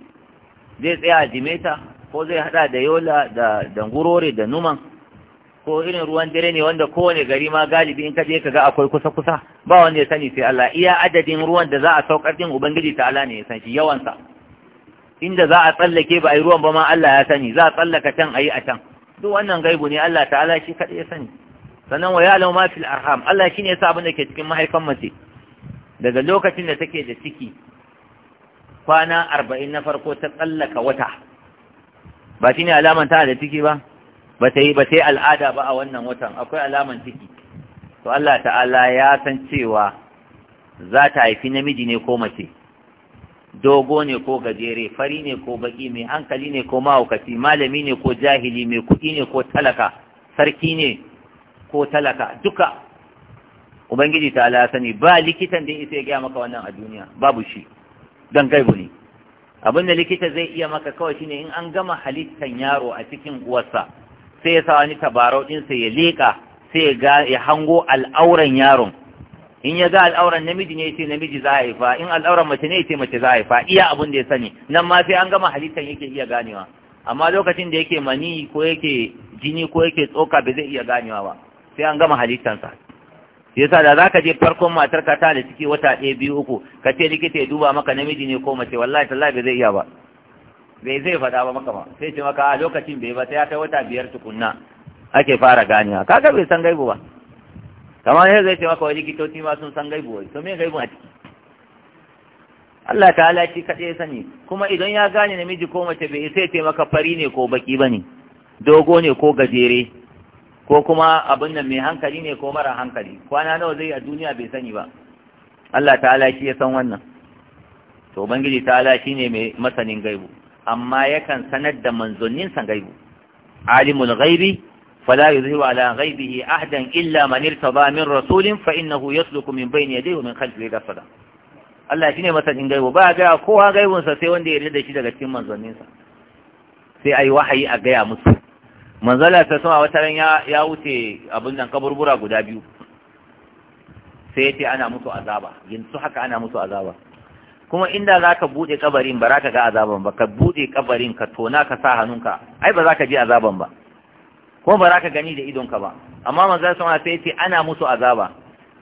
zai tsaya a jimeta ko zai hada da yola da dangurore da numan ko irin ruwan dare ne wanda kowane gari ma galibi in ka je ka ga akwai kusa kusa ba wanda ya sani sai Allah iya adadin ruwan da za a saukar din ubangiji ta'ala ne ya san shi yawansa inda za a tsallake ba a yi ruwan ba ma Allah ya sani za a tsallaka can ayi a can duk wannan gaibu ne Allah ta'ala shi kadai ya sani sannan wa ya'lamu ma fil arham Allah shine yasa abin da ke cikin mahaifan mace daga lokacin da take da ciki kwana arba'in na farko ta tsallaka wata ba shine alaman ta da ciki ba ba ta yi ba ta al'ada ba a wannan watan akwai alaman ciki to Allah ta'ala ya san cewa za ta haifi namiji ne ko mace dogo ne ko gajere fari ne ko baki mai hankali ne ko mahaukaci malami ne ko jahili mai kuɗi ne ko talaka sarki ne ko talaka duka ubangiji ta ala sani ba likitan da isa ya gaya maka wannan a duniya babu shi don gaibu ne abin da likita zai iya maka kawai shine in an gama halittan yaro a cikin uwarsa sai ya sa wani tabarau dinsa ya leƙa sai ya hango al'auran yaron in ya ga al'auran namiji ne ce namiji za a haifa in al'auran mace ne ce mace za a haifa iya abin da ya sani nan ma sai an gama halittan yake iya ganewa amma lokacin da yake mani ko yake jini ko yake tsoka ba zai iya ganewa ba sai an gama halittansa yasa da zaka je farkon matar ka ta da ciki wata ɗaya biyu uku ka ce likita ya duba maka namiji ne ko mace wallahi tallahi bai zai iya ba bai zai faɗa ba maka ba sai ce maka a lokacin bai ba sai ya kai wata biyar tukunna ake fara ganewa kaga bai san gaibu ba kamar yadda zai ce maka wani likitoci ma sun san gaibu wai to me gaibu a ciki Allah ta'ala shi kaɗai sani kuma idan ya gane namiji ko mace bai sai ce maka fari ne ko baki ne. dogo ne ko gajere ko kuma abin nan mai hankali ne ko mara hankali kwana nawa zai a duniya bai sani ba Allah ta'ala shi ya san wannan to ubangiji ta'ala shi ne mai masanin gaibu amma yakan sanar da manzonin san gaibu alimul ghaibi fala yuzhiru ala ghaibihi ahdan illa man irtaba min rasulin fa innahu yasluku min bayni yadayhi wa min khalfihi rasada Allah shi ne masanin gaibu ba ga kowa gaibunsa sai wanda ya yarda da shi daga cikin manzonninsa. sai ayi wahayi a gaya musu manzala ta sama wata ran ya wuce abin nan kaburbura guda biyu sai ce ana musu azaba yanzu haka ana musu azaba kuma inda za ka buɗe kabarin ba za ka ga azaban ba ka buɗe kabarin ka tona ka sa hannunka ai ba za ka ji azaban ba kuma ba za ka gani da idonka ba amma manzala sama sai ya ce ana musu azaba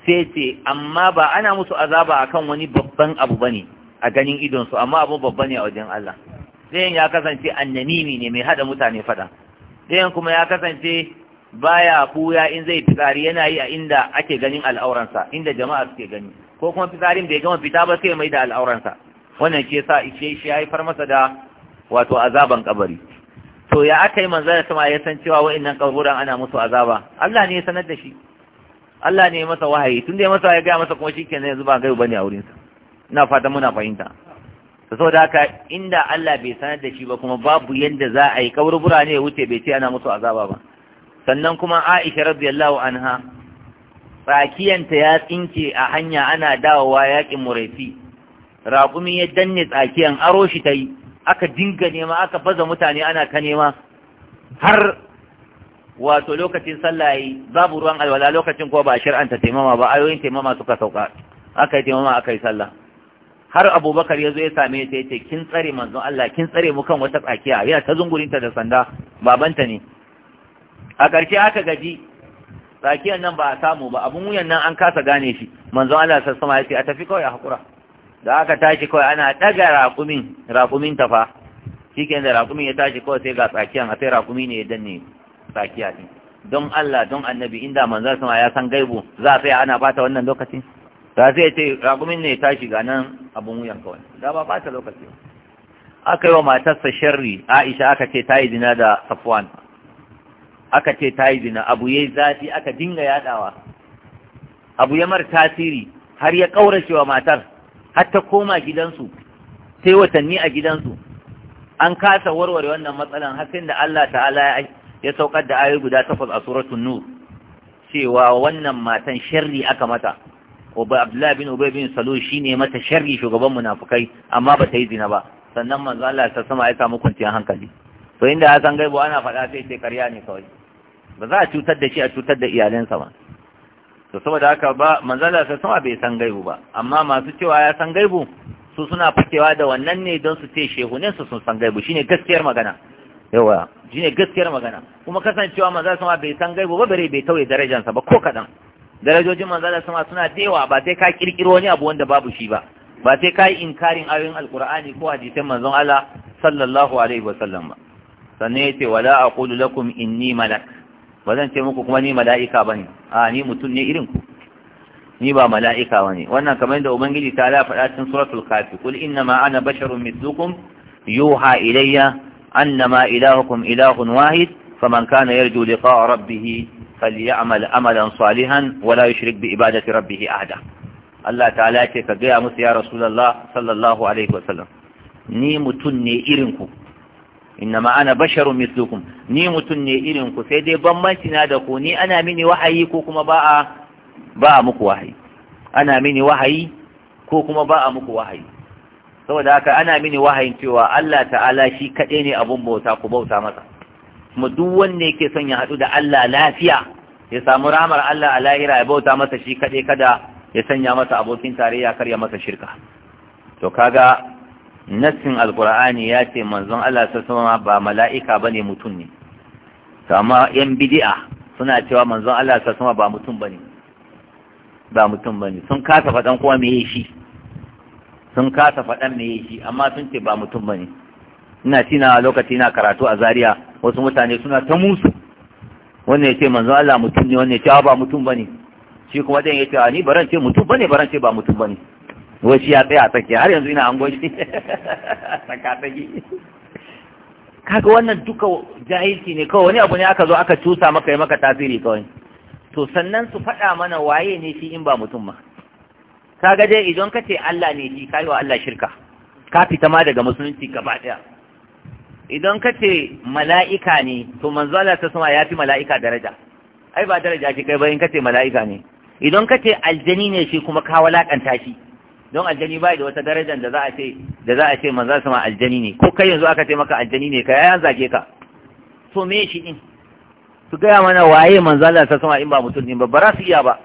sai ce amma ba ana musu azaba akan wani babban abu bane a ganin idonsu amma abu babba ne a wajen Allah sai ya kasance annamimi ne mai hada mutane fada ɗayan kuma ya kasance baya buya in zai fitsari yana yi a inda ake ganin al'auransa inda jama'a suke gani ko kuma fitsarin bai gama fita ba sai mai da al'auransa wannan ke sa ishe shi ya haifar masa da wato azaban kabari to ya aka yi manzara sama ya san cewa wa'annan kaburan ana musu azaba Allah ne ya sanar da shi Allah ne ya masa wahayi tun da ya masa ya gaya masa kuma shikenan yanzu ba gaibu bane a wurinsa ina fata muna fahimta da haka inda Allah bai sanar da shi ba kuma babu yadda za a yi kaburbura ne wuce bai ce ana musu azaba ba sannan kuma Aisha radiyallahu anha tsakiyanta ya tsinke a hanya ana dawowa yakin muraifi raƙumi ya danne tsakiyan aro shi ta yi aka dinga nema aka baza mutane ana ka nema har wato lokacin sallah yi babu ruwan alwala lokacin ko ba a shir'anta taimama ba ayoyin taimama suka sauka aka yi taimama aka yi sallah har abubakar ya zo ya same ta ya ce kin tsare manzon Allah kin tsare mu kan wata tsakiya yana ta zungurinta da sanda babanta ne a ƙarshe aka gaji tsakiyar nan ba a samu ba abun wuyan nan an kasa gane shi manzon Allah sassama ya ce a tafi kawai a haƙura da aka tashi kawai ana ɗaga raƙumin raƙumin tafa shi da raƙumin ya tashi kawai sai ga tsakiyan a sai raƙumi ne ya danne tsakiya ɗin don Allah don annabi inda manzon sama ya san gaibu za a tsaya ana bata wannan lokacin ta zai ce ragumin ne ta shiga nan abun wuyan kawai da ba ba ta lokaci aka yi wa matarsa sharri aisha aka ce ta yi zina da safwan aka ce ta yi zina abu ya yi zafi aka dinga yadawa abu ya mara tasiri har ya ƙaurace wa matar har ta koma gidansu sai watanni a gidansu an kasa warware wannan matsalan har sai da Allah ta'ala ya saukar da ayoyi guda takwas a suratul nur cewa wannan matan sharri aka mata Oba abdullahi bin Ubay bin salo shine mata sharri shugaban munafukai amma ba ta yi zina ba sannan manzo Allah ta sama ya samu kwanciyar hankali to inda ya san gaibo ana faɗa sai ce karya ne kawai ba za a cutar da shi a cutar da iyalansa ba to saboda haka ba manzo Allah ta sama bai san gaibo ba amma masu cewa ya san gaibo su suna fakewa da wannan ne don su ce ne su sun san gaibo shine gaskiyar magana yawa shine gaskiyar magana kuma kasancewa manzo Allah bai san gaibo ba bare bai tauye darajarsa ba ko kadan darajojin manzala sama suna dewa ba sai ka kirkiro wani abu wanda babu shi ba ba sai ka yi inkarin ayoyin alkur'ani ko hadisin manzon Allah sallallahu alaihi wasallam ba sannan yace wala aqulu lakum inni malak ba zan ce muku kuma ni mala'ika bane a ni mutum ne irin ku ni ba mala'ika bane wannan kamar da ubangiji ta ala faɗa cikin suratul kafi qul inna ma ana basharun mithlukum yuha ilayya annama ilahukum ilahun wahid فمن كان يرجو لقاء ربه فليعمل أملا صالحا ولا يشرك بإبادة ربه أحدا الله تعالى كجاء مس يا رسول الله صلى الله عليه وسلم ni mutum ne irinku innama ana basharun mislukum ni mutum ne irinku sai dai bambanci da ku ni ana mini wahayi ko kuma ba a muku wahayi ana kuma ba a muku wahayi saboda haka ana mini wahayin cewa Allah ta'ala shi kaɗai ne abun ku bauta masa kuma duk wanne yake son ya haɗu da Allah lafiya ya samu ramar Allah a lahira ya bauta masa shi kaɗe kada ya sanya masa abokin tarayya kar ya masa shirka to kaga nassin alqur'ani ya ce manzon Allah ta sama ba mala'ika bane mutum ne kama yan bid'a suna cewa manzon Allah ta sama ba mutum bane ba mutum bane sun kasa faɗan kuma me shi sun kasa faɗan me shi amma sun ce ba mutum bane ina tina lokaci ina karatu a Zaria wasu mutane suna ta musu wannan ya ce manzon Allah mutum ne wannan ya ce ba mutum ba ne shi kuma dan ya ce ni baran ce mutum ba ne baran ce ba mutum ba ne wai shi ya tsaya a tsakiya har yanzu ina an goshi tsaka <laughs> tsaki kaga wannan duka jahilci ne kawai wani abu ne aka zo aka cusa maka yi maka tasiri kawai to sannan su faɗa mana waye ne shi in ba mutum ma kaga dai idan ka ce Allah ne shi kai wa Allah shirka ka fita ma daga musulunci gaba ɗaya idan ka ce mala'ika ne to manzo Allah ta sama ya fi mala'ika daraja ai ba daraja shi kai ba in ka ce mala'ika ne idan ka ce aljani ne shi kuma ka walakanta shi don aljani bai da wata darajar da za a ce da za a ce manzo sama aljani ne ko kai yanzu aka ce maka aljani ne ka ya zage ka to me shi din su gaya mana waye manzo Allah ta sama in ba mutum ne ba ba su iya ba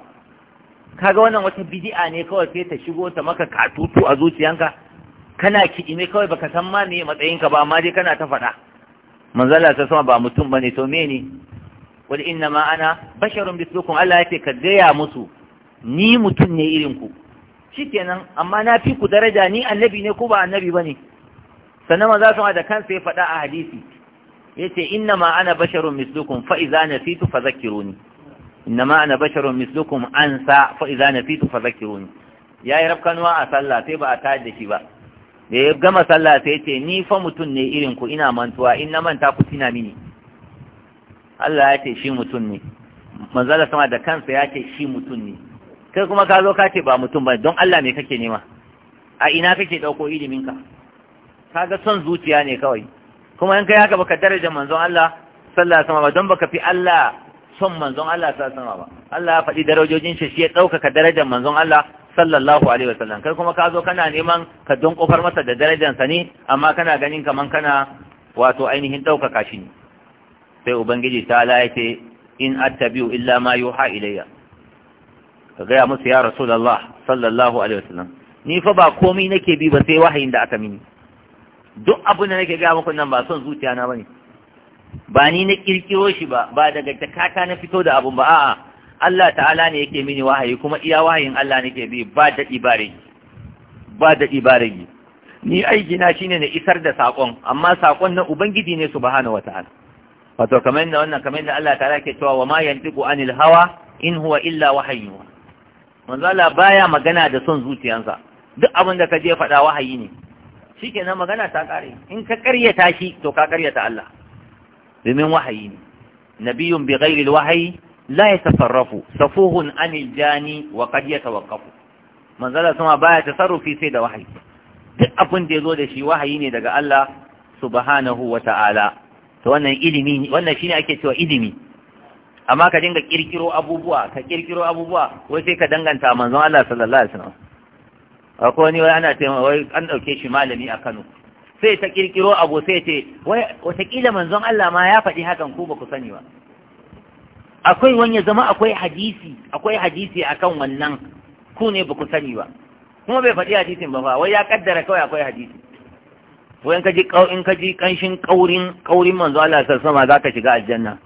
kaga wannan wata bid'a ne kawai sai ta shigo ta maka katutu a zuciyanka kana kiɗime kawai baka san ma me matsayinka ba amma dai kana ta faɗa manzala ta sama ba mutum bane to me ne Wani inna ma ana basharun mislukum Allah ya ce ka gaya musu ni mutum ne irin ku shikenan amma na fi ku daraja ni annabi ne ko ba annabi ba bane sannan manzala sama da kansa ya faɗa a hadisi yace inna ma ana basharun mislukum fa idza nasitu fadhakkiruni inna ma ana basharun mislukum ansa fa idza nasitu fadhakkiruni yayi rafkanuwa a sallah sai ba a tayar da shi ba da ya gama sallah sai ce ni fa mutum ne irin ku ina mantuwa in na manta ku tina mini Allah ya ce shi mutum ne manzala sama da kansa ya ce shi mutum ne kai kuma ka zo ka ce ba mutum ba don Allah me kake nema a ina kake dauko ilimin ka kaga son zuciya ne kawai kuma in kai haka baka daraja manzon Allah sallallahu alaihi wasallam ba don baka fi Allah son manzon Allah sallallahu alaihi wasallam ba Allah ya faɗi darajojin shi shi ya ɗaukaka darajar manzon Allah sallallahu alaihi wasallam kai kuma ka zo kana neman ka don kofar masa da darajarsa ne amma kana ganin kaman kana wato ainihin ɗaukaka shi ne sai ubangiji ta ala yace in attabi'u illa ma yuha ilayya ka gaya musu ya rasulullah sallallahu alaihi wasallam ni fa ba komai nake bi ba sai wahayin da aka mini duk abin da nake gaya muku nan ba son zuciya na bane ba ni na kirkiro shi ba ba daga takata na fito da abun ba a'a Allah ta'ala ne yake mini wahayi kuma iya wahayin Allah nake bi ba da ibare ba da ibare ni aiki na shine na isar da sakon amma sakon na ubangiji ne subhanahu wataala wato kamar da wannan kamar da Allah ta'ala ke cewa wa ma yantiqu anil hawa in huwa illa wahyu manzo Allah baya magana da son zuciyansa duk abin da ka je faɗa wahayi ne shikenan magana ta kare in ka karyata shi to ka karyata Allah domin wahayi ne nabiyun bi ghairi alwahyi la yatasarrafu safuhun anil jani wa qad yatawaqqafu manzala sama baya tasarrufi sai da wahayi duk abin da yazo da shi wahayi ne daga Allah subhanahu wa ta'ala to wannan ilimi wannan shine ake cewa ilimi amma ka dinga kirkiro abubuwa ka kirkiro abubuwa wai sai ka danganta manzon Allah sallallahu alaihi wasallam akwai wani wai ana cewa wai an dauke shi malami a Kano sai ta kirkiro abu sai ce wai kila manzon Allah ma ya faɗi hakan ku ba ku sani ba akwai wani ya zama akwai hadisi akwai hadisi akan wannan ku ne ba ku sani ba kuma bai faɗi hadisin ba ba, wai ya kaddara kawai akwai hadisi Wai in ka ji in ka ji kanshin kaurin kaurin manzo Allah sallallahu alaihi zaka shiga aljanna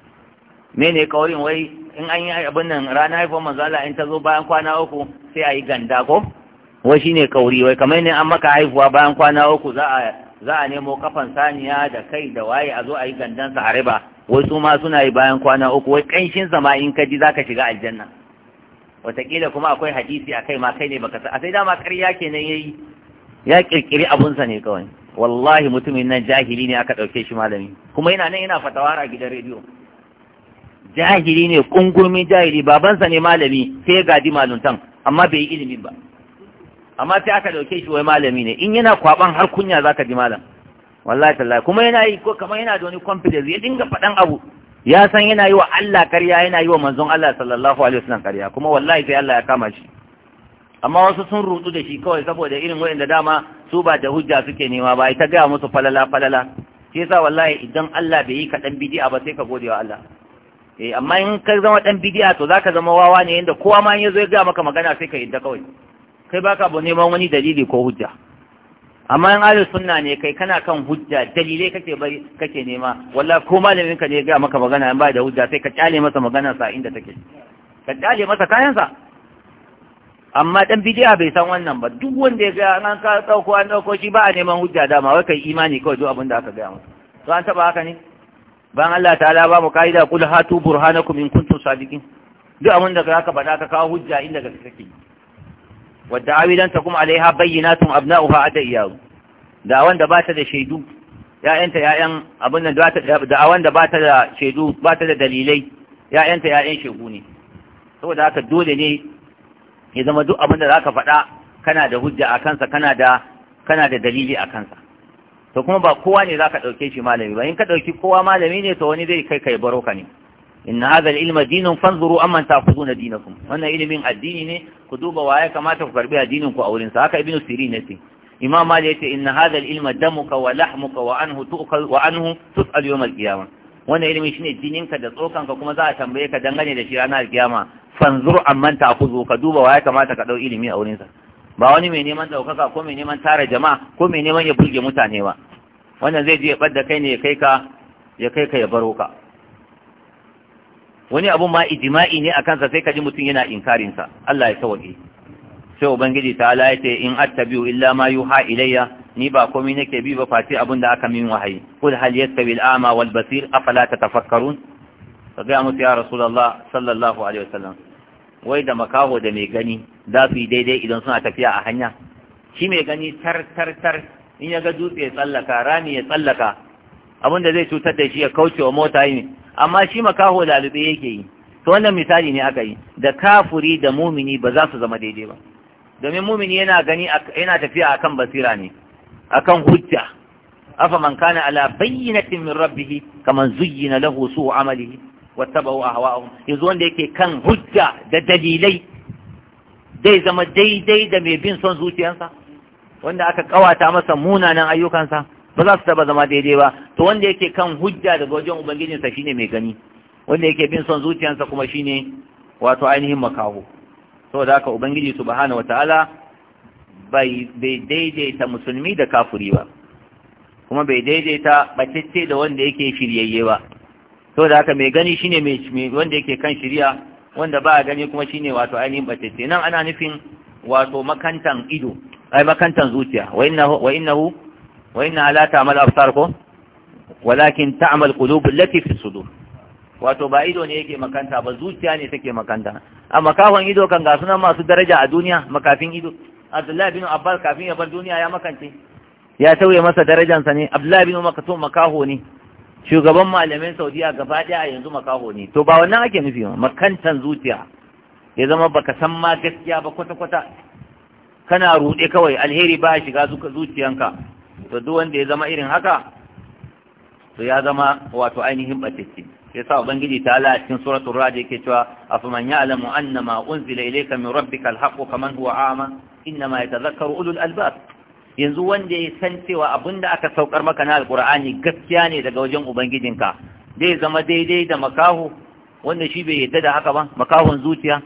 mene kaurin wai in an yi abin nan rana haifar manzo Allah in ta zo bayan kwana uku sai a yi ganda ko wai shine kauri wai kamar ne an maka haifuwa bayan kwana uku za a za a nemo kafan saniya da kai da waye a zo a yi gandansa a riba su ma suna yi bayan kwana uku wai kanshin zama in ka ji zaka shiga aljanna wataƙila kuma akwai hadisi akai ma kai ne baka sa sai dama ƙarya kenan yayi ya kirkiri abunsa ne kawai wallahi mutumin nan jahili ne aka ɗauke shi malami kuma yana nan yana fatawara a gidan rediyo jahili ne kungurmi jahili babansa ne malami sai ya gaji maluntan amma bai yi ilimin ba amma sai aka ɗauke shi wai malami ne in yana kwaban har kunya zaka ji malam wallahi tallahi kuma yana yi ko kamar yana da wani confidence ya dinga faɗan abu ya san yana yi wa Allah ƙarya yana yi wa manzon Allah sallallahu alaihi wasallam ƙarya kuma wallahi sai Allah ya kama shi amma wasu sun rutu da shi kawai saboda irin da dama su ba da hujja suke nema ba ita ga musu falala falala shi yasa wallahi idan Allah bai yi ka dan bid'a ba sai ka gode wa Allah eh amma in ka zama dan bid'a to zaka zama wawa ne yanda kowa ma in yazo ya ga maka magana sai ka yi da kawai kai baka bu neman wani dalili ko hujja amma in ahlus sunna ne kai kana kan hujja dalilai kake bari kake nema wallahi ko malamin ka ne ga maka magana in ba da hujja sai ka kyale masa magana sa inda take ka kyale masa kayan sa amma dan bid'a bai san wannan ba duk wanda ya ga an ka dauko an dauko shi ba a neman hujja dama wai kai imani kawai duk abin da aka ga masa to an taba haka ne ban Allah ta'ala ba mu kaida kul hatu burhanakum in kuntum sadiqin duk abin da ka faɗa ka kawo hujja inda gaske kake wadda awilan ta kuma alaiha bayyinatun abna'uha tun da wanda ba ta da shaidu ya'yanta ya'yan abin da dalilai ya'yanta ya'yan shegu ne saboda haka dole ne ya zama duk abin da zaka faɗa kana da hujja a kansa kana da dalili a kansa to kuma ba kowa ne zaka ɗauke shi malami ba in ka ɗauki kowa malami ne to wani zai kai kai baro ka ne inna hadha al-ilma dinun fanzuru amman ta'khuduna dinakum wannan ilimin addini ne ku duba waye kamata ku karbi addinin ku a wurin sa haka ibnu sirin ce. imam Malik yace inna hadha al-ilma damuka wa lahmuka wa anhu tu'khal wa anhu tus'al yawm al-qiyamah wannan ilimi shine jininka da ka, kuma za a tambaye ka dangane da shi ranar kiyama fanzuru amman ta'khudhu ka duba waye kamata ka dau ilimi a wurin sa ba wani mai neman daukaka ko mai neman tara jama'a ko mai neman ya burge mutane ba wannan zai je ya ɓadda kai ne ya kai ka ya kai ka ya baro ka wani abun ma ijma'i ne a kansa sai kaji mutum yana inkarin sa Allah ya tawage sai ubangiji ta ala ce in attabi'u illa ma yuha ilayya ni ba komai nake bi ba face abin da aka min wahayi qul hal yastawi al-a'ma wal basir afala tatafakkarun kaga musu ya rasulullah sallallahu alaihi wasallam wai da makaho da mai gani za su yi daidai idan suna tafiya a hanya shi mai gani tar tar tar in ya ga dutse ya tsallaka rami ya tsallaka abin da zai cutar da shi ya kauce wa mota yi amma shi makaho lalube yake yi to wannan misali ne aka yi da kafuri da mumini ba za su zama daidai ba domin mumini yana gani yana tafiya akan basira ne akan hujja afa man kana ala bayyinatin min rabbih kaman zuyyina lahu su'u amalihi wattaba'u ahwa'ahum yanzu wanda yake kan hujja da dalilai zai zama daidai da mai bin son zuciyarsa wanda aka kawata masa munanan ayyukansa ba za su taba zama daidai ba to wanda yake kan hujja daga wajen ubangijinsa shine mai gani wanda yake bin son zuciyarsa kuma shine wato ainihin makaho saboda haka ubangiji subhanahu wataala bai daidaita musulmi da kafuri ba kuma bai daidaita batacce da wanda yake shiryayye ba saboda haka mai gani shine mai wanda yake kan shirya wanda ba gani kuma shine wato ainihin batacce nan ana nufin wato makantan ido ai makantan zuciya wa innahu wa innahu wa لا تعمل ta'mal ولكن ko قلوب التي في الصدور fi wato ba ido ne yake makanta ba zuciya ne take makanta a kafin ido kan ga nan masu daraja a duniya makafin ido Abdullahi bin Abbas kafin ya bar duniya ya makance ya tauye masa darajansa ne Abdullahi bin Maktum makaho ne shugaban malamin Saudiya gaba daya yanzu makaho ne to ba wannan ake nufi ba makantan zuciya ya zama baka san ma gaskiya ba kwata kwata kana rude kawai alheri ba shiga zuciyanka to duk wanda ya zama irin haka to ya zama wato ainihin batacce ya sa ubangiji ta ala cikin suratul rad yake cewa afaman ya'lamu anna ma unzila ilayka min rabbika alhaq kaman huwa a'ma inma yatadhakkaru ulul albab yanzu wanda ya san cewa abinda aka saukar maka na alqur'ani gaskiya ne daga wajen ubangijinka zai zama daidai da makahu wanda shi bai yadda da haka ba makahun zuciya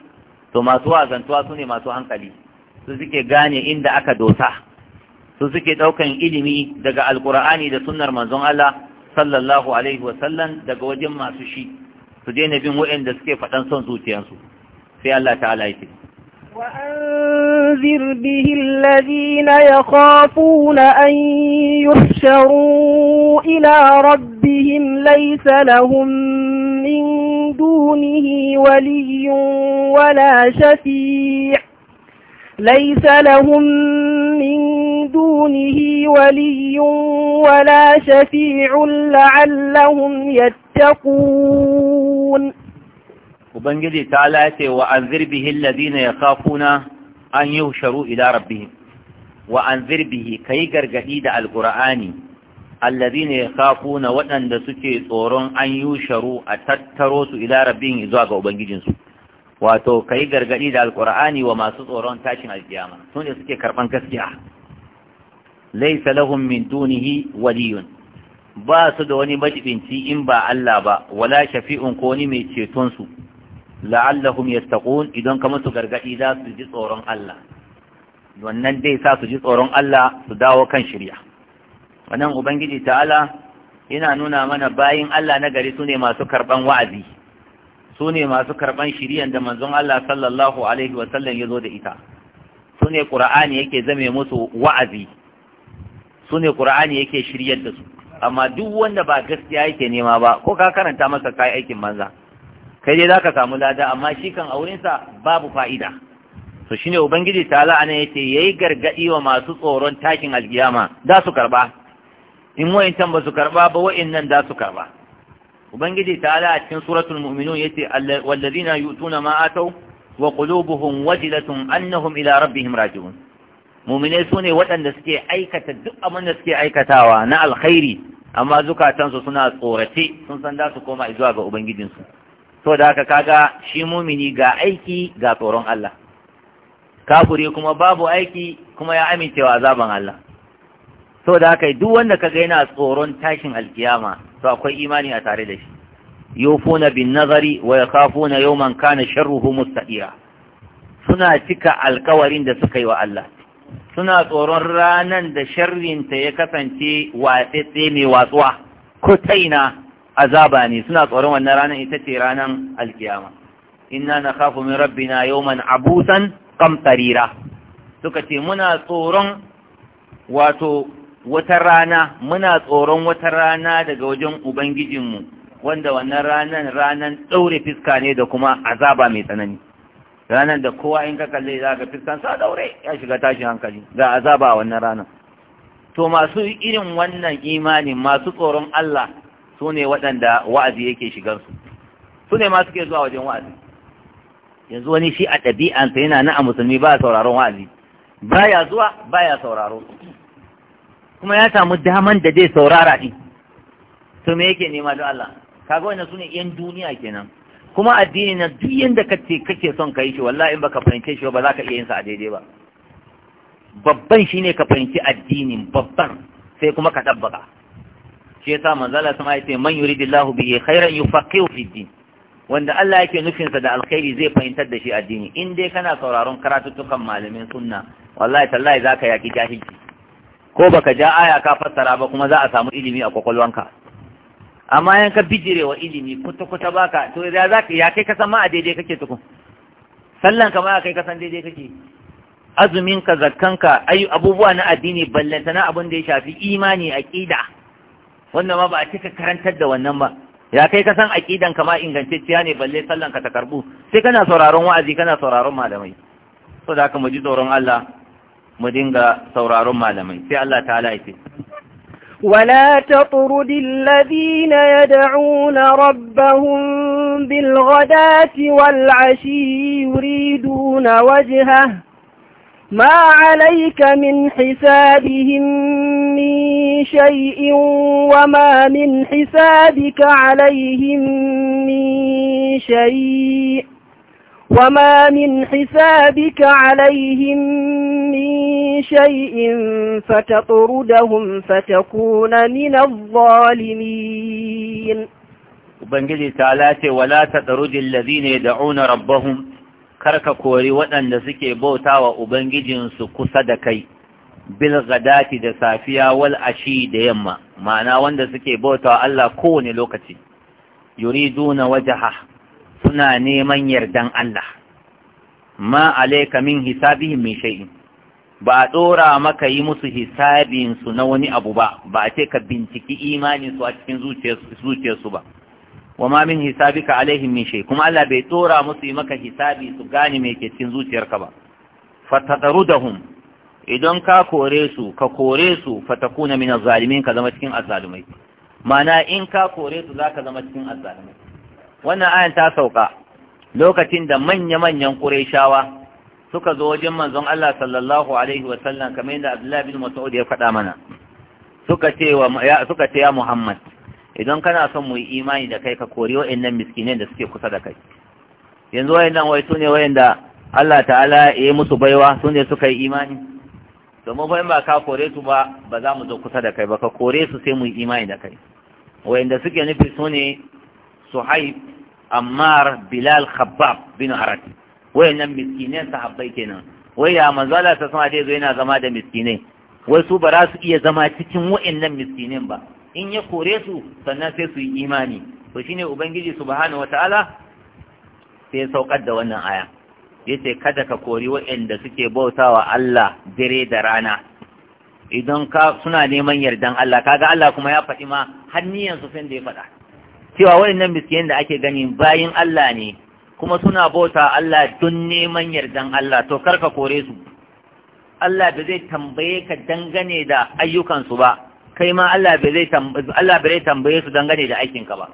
to masu wazantuwa su ne masu hankali su suke gane inda aka dosa su suke ɗaukan ilimi daga alkur'ani da sunnar manzon Allah sallallahu alaihi wasallam daga wajen masu shi su daina bin waɗanda suke faɗan son zuciyarsu sai Allah ta'ala ya ce وأنذر به الذين يخافون أن يحشروا إلى ربهم ليس لهم من دونه ولي ولا شفيع ليس لهم من دونه ولي ولا شفيع لعلهم يتقون وبنجلي تعالى وأنذر به الذين يخافون أن يهشروا إلى ربهم وأنذر به كي قرقعيد القرآن الذين يخافون وأن دسكي صورون أن يهشروا أتتروس إلى ربهم إذواق وبنجلسوا wato ka yi gargaɗi da alƙur'ani wa masu tsoron tashin alƙiyama sun da suke karɓan gaskiya laysa lahum min dunihi waliyun ba su da wani majibinci in ba Allah ba wala shafi'un ko ni mai ceton su la'allahum yattaqun idan ka musu gargadi za su ji tsoron Allah wannan dai sa su ji tsoron Allah su dawo kan shirya wannan ubangiji ta'ala yana nuna mana bayin Allah na gari sune masu karban wa'azi sune masu karban shiriyan da manzon Allah sallallahu alaihi wa sallam ya zo da ita sune qur'ani yake zame musu wa'azi su ne ƙur'ani yake shiryar da su amma duk wanda ba gaskiya yake nema ba ko ka karanta masa kai aikin banza kai dai zaka samu lada amma shi kan aurensa babu fa'ida to shine ubangiji ya ce, ya yi gargaɗi wa masu tsoron takin alkiyama da su karba in can ba su karba ba nan da su karba ubangiji ta'ala a cikin suratul mu'minun yace wallazina yu'tuna ma atau wa qulubuhum wajilatun annahum ila rabbihim raji'un muminai su ne waɗanda suke aikata duk abin da suke aikatawa na alkhairi amma zukatansu suna tsorace sun san za su koma zuwa ga ubangijinsu to da haka kaga shi mumini ga aiki ga tsoron Allah kafuri kuma babu aiki kuma ya amincewa azaban Allah to da haka duk wanda kaga yana tsoron tashin alkiyama to akwai imani a tare da shi yufuna bin nazari wa yakhafuna yawman kana sharruhu mustaqira suna cika alkawarin da suka yi wa Allah suna tsoron ranan da sharrinta ya kasance watsetse mai watsuwa ko azaba ne suna tsoron wannan ranan ita ce ranan alkiyama inna na kafu min rabbina yawman abusan kamtarira suka ce muna tsoron wato wata rana muna tsoron wata rana daga wajen ubangijinmu wanda wannan ranan ranan ɗaure fiska ne da kuma azaba mai tsanani ranar da kowa in ka kalle za ka fiskan sa daure ya shiga tashin hankali ga azaba wannan ranar to masu irin wannan imani masu tsoron Allah su ne waɗanda wa'azi yake shigarsu su ne ma suke zuwa wajen wa'azi yanzu wani shi a ɗabi'ansa yana na a musulmi ba sauraron wa'azi ba ya zuwa ba ya sauraro kuma ya samu daman da zai saurara ɗi to me yake nema da Allah kaga wannan su ne 'yan duniya kenan kuma addini na duk yanda kace kake son kai shi wallahi in baka fahimce shi ba za ka iya yin sa a daidai ba babban shine ka fahimci addinin babban sai kuma ka tabbaka shi yasa manzala sama yace man yuridillahu bihi khairan yufaqihu fi din wanda Allah yake nufin sa da alkhairi zai fahimtar da shi addini in dai kana sauraron karatuttukan malamin sunna wallahi tallahi zaka yaki jahilci ko baka ja aya ka fassara ba kuma za a samu ilimi a kwakwalwanka amma yan ka bijire wa ilimi kwata-kwata baka to ya za ka ya kai kasan ma a daidai kake tukun sallan ka ma a kai kasan daidai kake azumin ka zakkan ka ayu abubuwa na addini ballanta na abin da ya shafi imani aqida wannan ma ba a cika karantar da wannan ba ya kai kasan aqidan ka ma ingantacciya ne balle sallan ka ta karbu sai kana sauraron wa'azi kana sauraron malamai saboda haka mu ji tsoron Allah mu dinga sauraron malamai sai Allah ta'ala ya ce ولا تطرد الذين يدعون ربهم بالغداة والعشي يريدون وجهه ما عليك من حسابهم من شيء وما من حسابك عليهم من شيء وما من حسابك عليهم من شيء فتطردهم فتكون من الظالمين Ubangiji ta lace wala ta tsarujin lazine da auna rabbahun karka kori waɗanda suke bauta wa Ubangijinsu kusa da kai, bil gadati da safiya wal ashi da yamma, ma'ana wanda suke bauta wa Allah kowane lokaci, yuri duna wajaha suna neman yardan Allah ma alaika min hisabihin min shay'in ba a ɗora maka yi musu hisabinsu na wani abu ba ba a ce ka binciki imaninsu a cikin zuciyarsu ba wa ma min hisabika alaihim min shai kuma Allah bai ɗora musu yi maka hisabi su gane me ke cikin zuciyarka ba da fatadrudahum idan ka kore su ka kore su fatakuna min azzalimin ka zama cikin azzalumai mana in ka kore su zaka zama cikin azzalumai wannan ayan ta sauka lokacin da manya-manyan ƙureshawa suka zo wajen manzon Allah sallallahu alaihi wasallam kamar yadda Abdullahi bin Mas'ud ya faɗa mana suka ce ya Muhammad idan kana son mu yi imani da kai ka kori nan miskinai da suke kusa da kai yanzu wa'in nan wai su ne wa'in da Allah ta'ala ya yi musu baiwa su ne suka yi imani domin ba in ba ka kore su ba ba za mu zo kusa da kai ba ka kore su sai mu yi imani da kai Wa'in da suke nufi su ne suhaib ammar bilal khabbab bin harat wayannan miskinai sahabbai kenan wai ya manzala ta sama dai zo yana zama da miskinai wai su ba za su iya zama cikin wayannan miskinin ba in ya kore su sannan sai su yi imani to shine ubangiji subhanahu wataala sai saukar da wannan aya yace kada ka kori wayanda suke bautawa Allah dare da rana idan ka suna neman yardan Allah kaga Allah kuma ya faɗi ma hanniyan su sai da ya faɗa cewa waɗannan miskin da ake gani bayin Allah ne kuma suna bauta Allah don neman yardan Allah to karka kore su Allah ba zai tambaye ka dangane da ayyukansu ba kai ma Allah ba zai tambaye su dangane da aikinka ba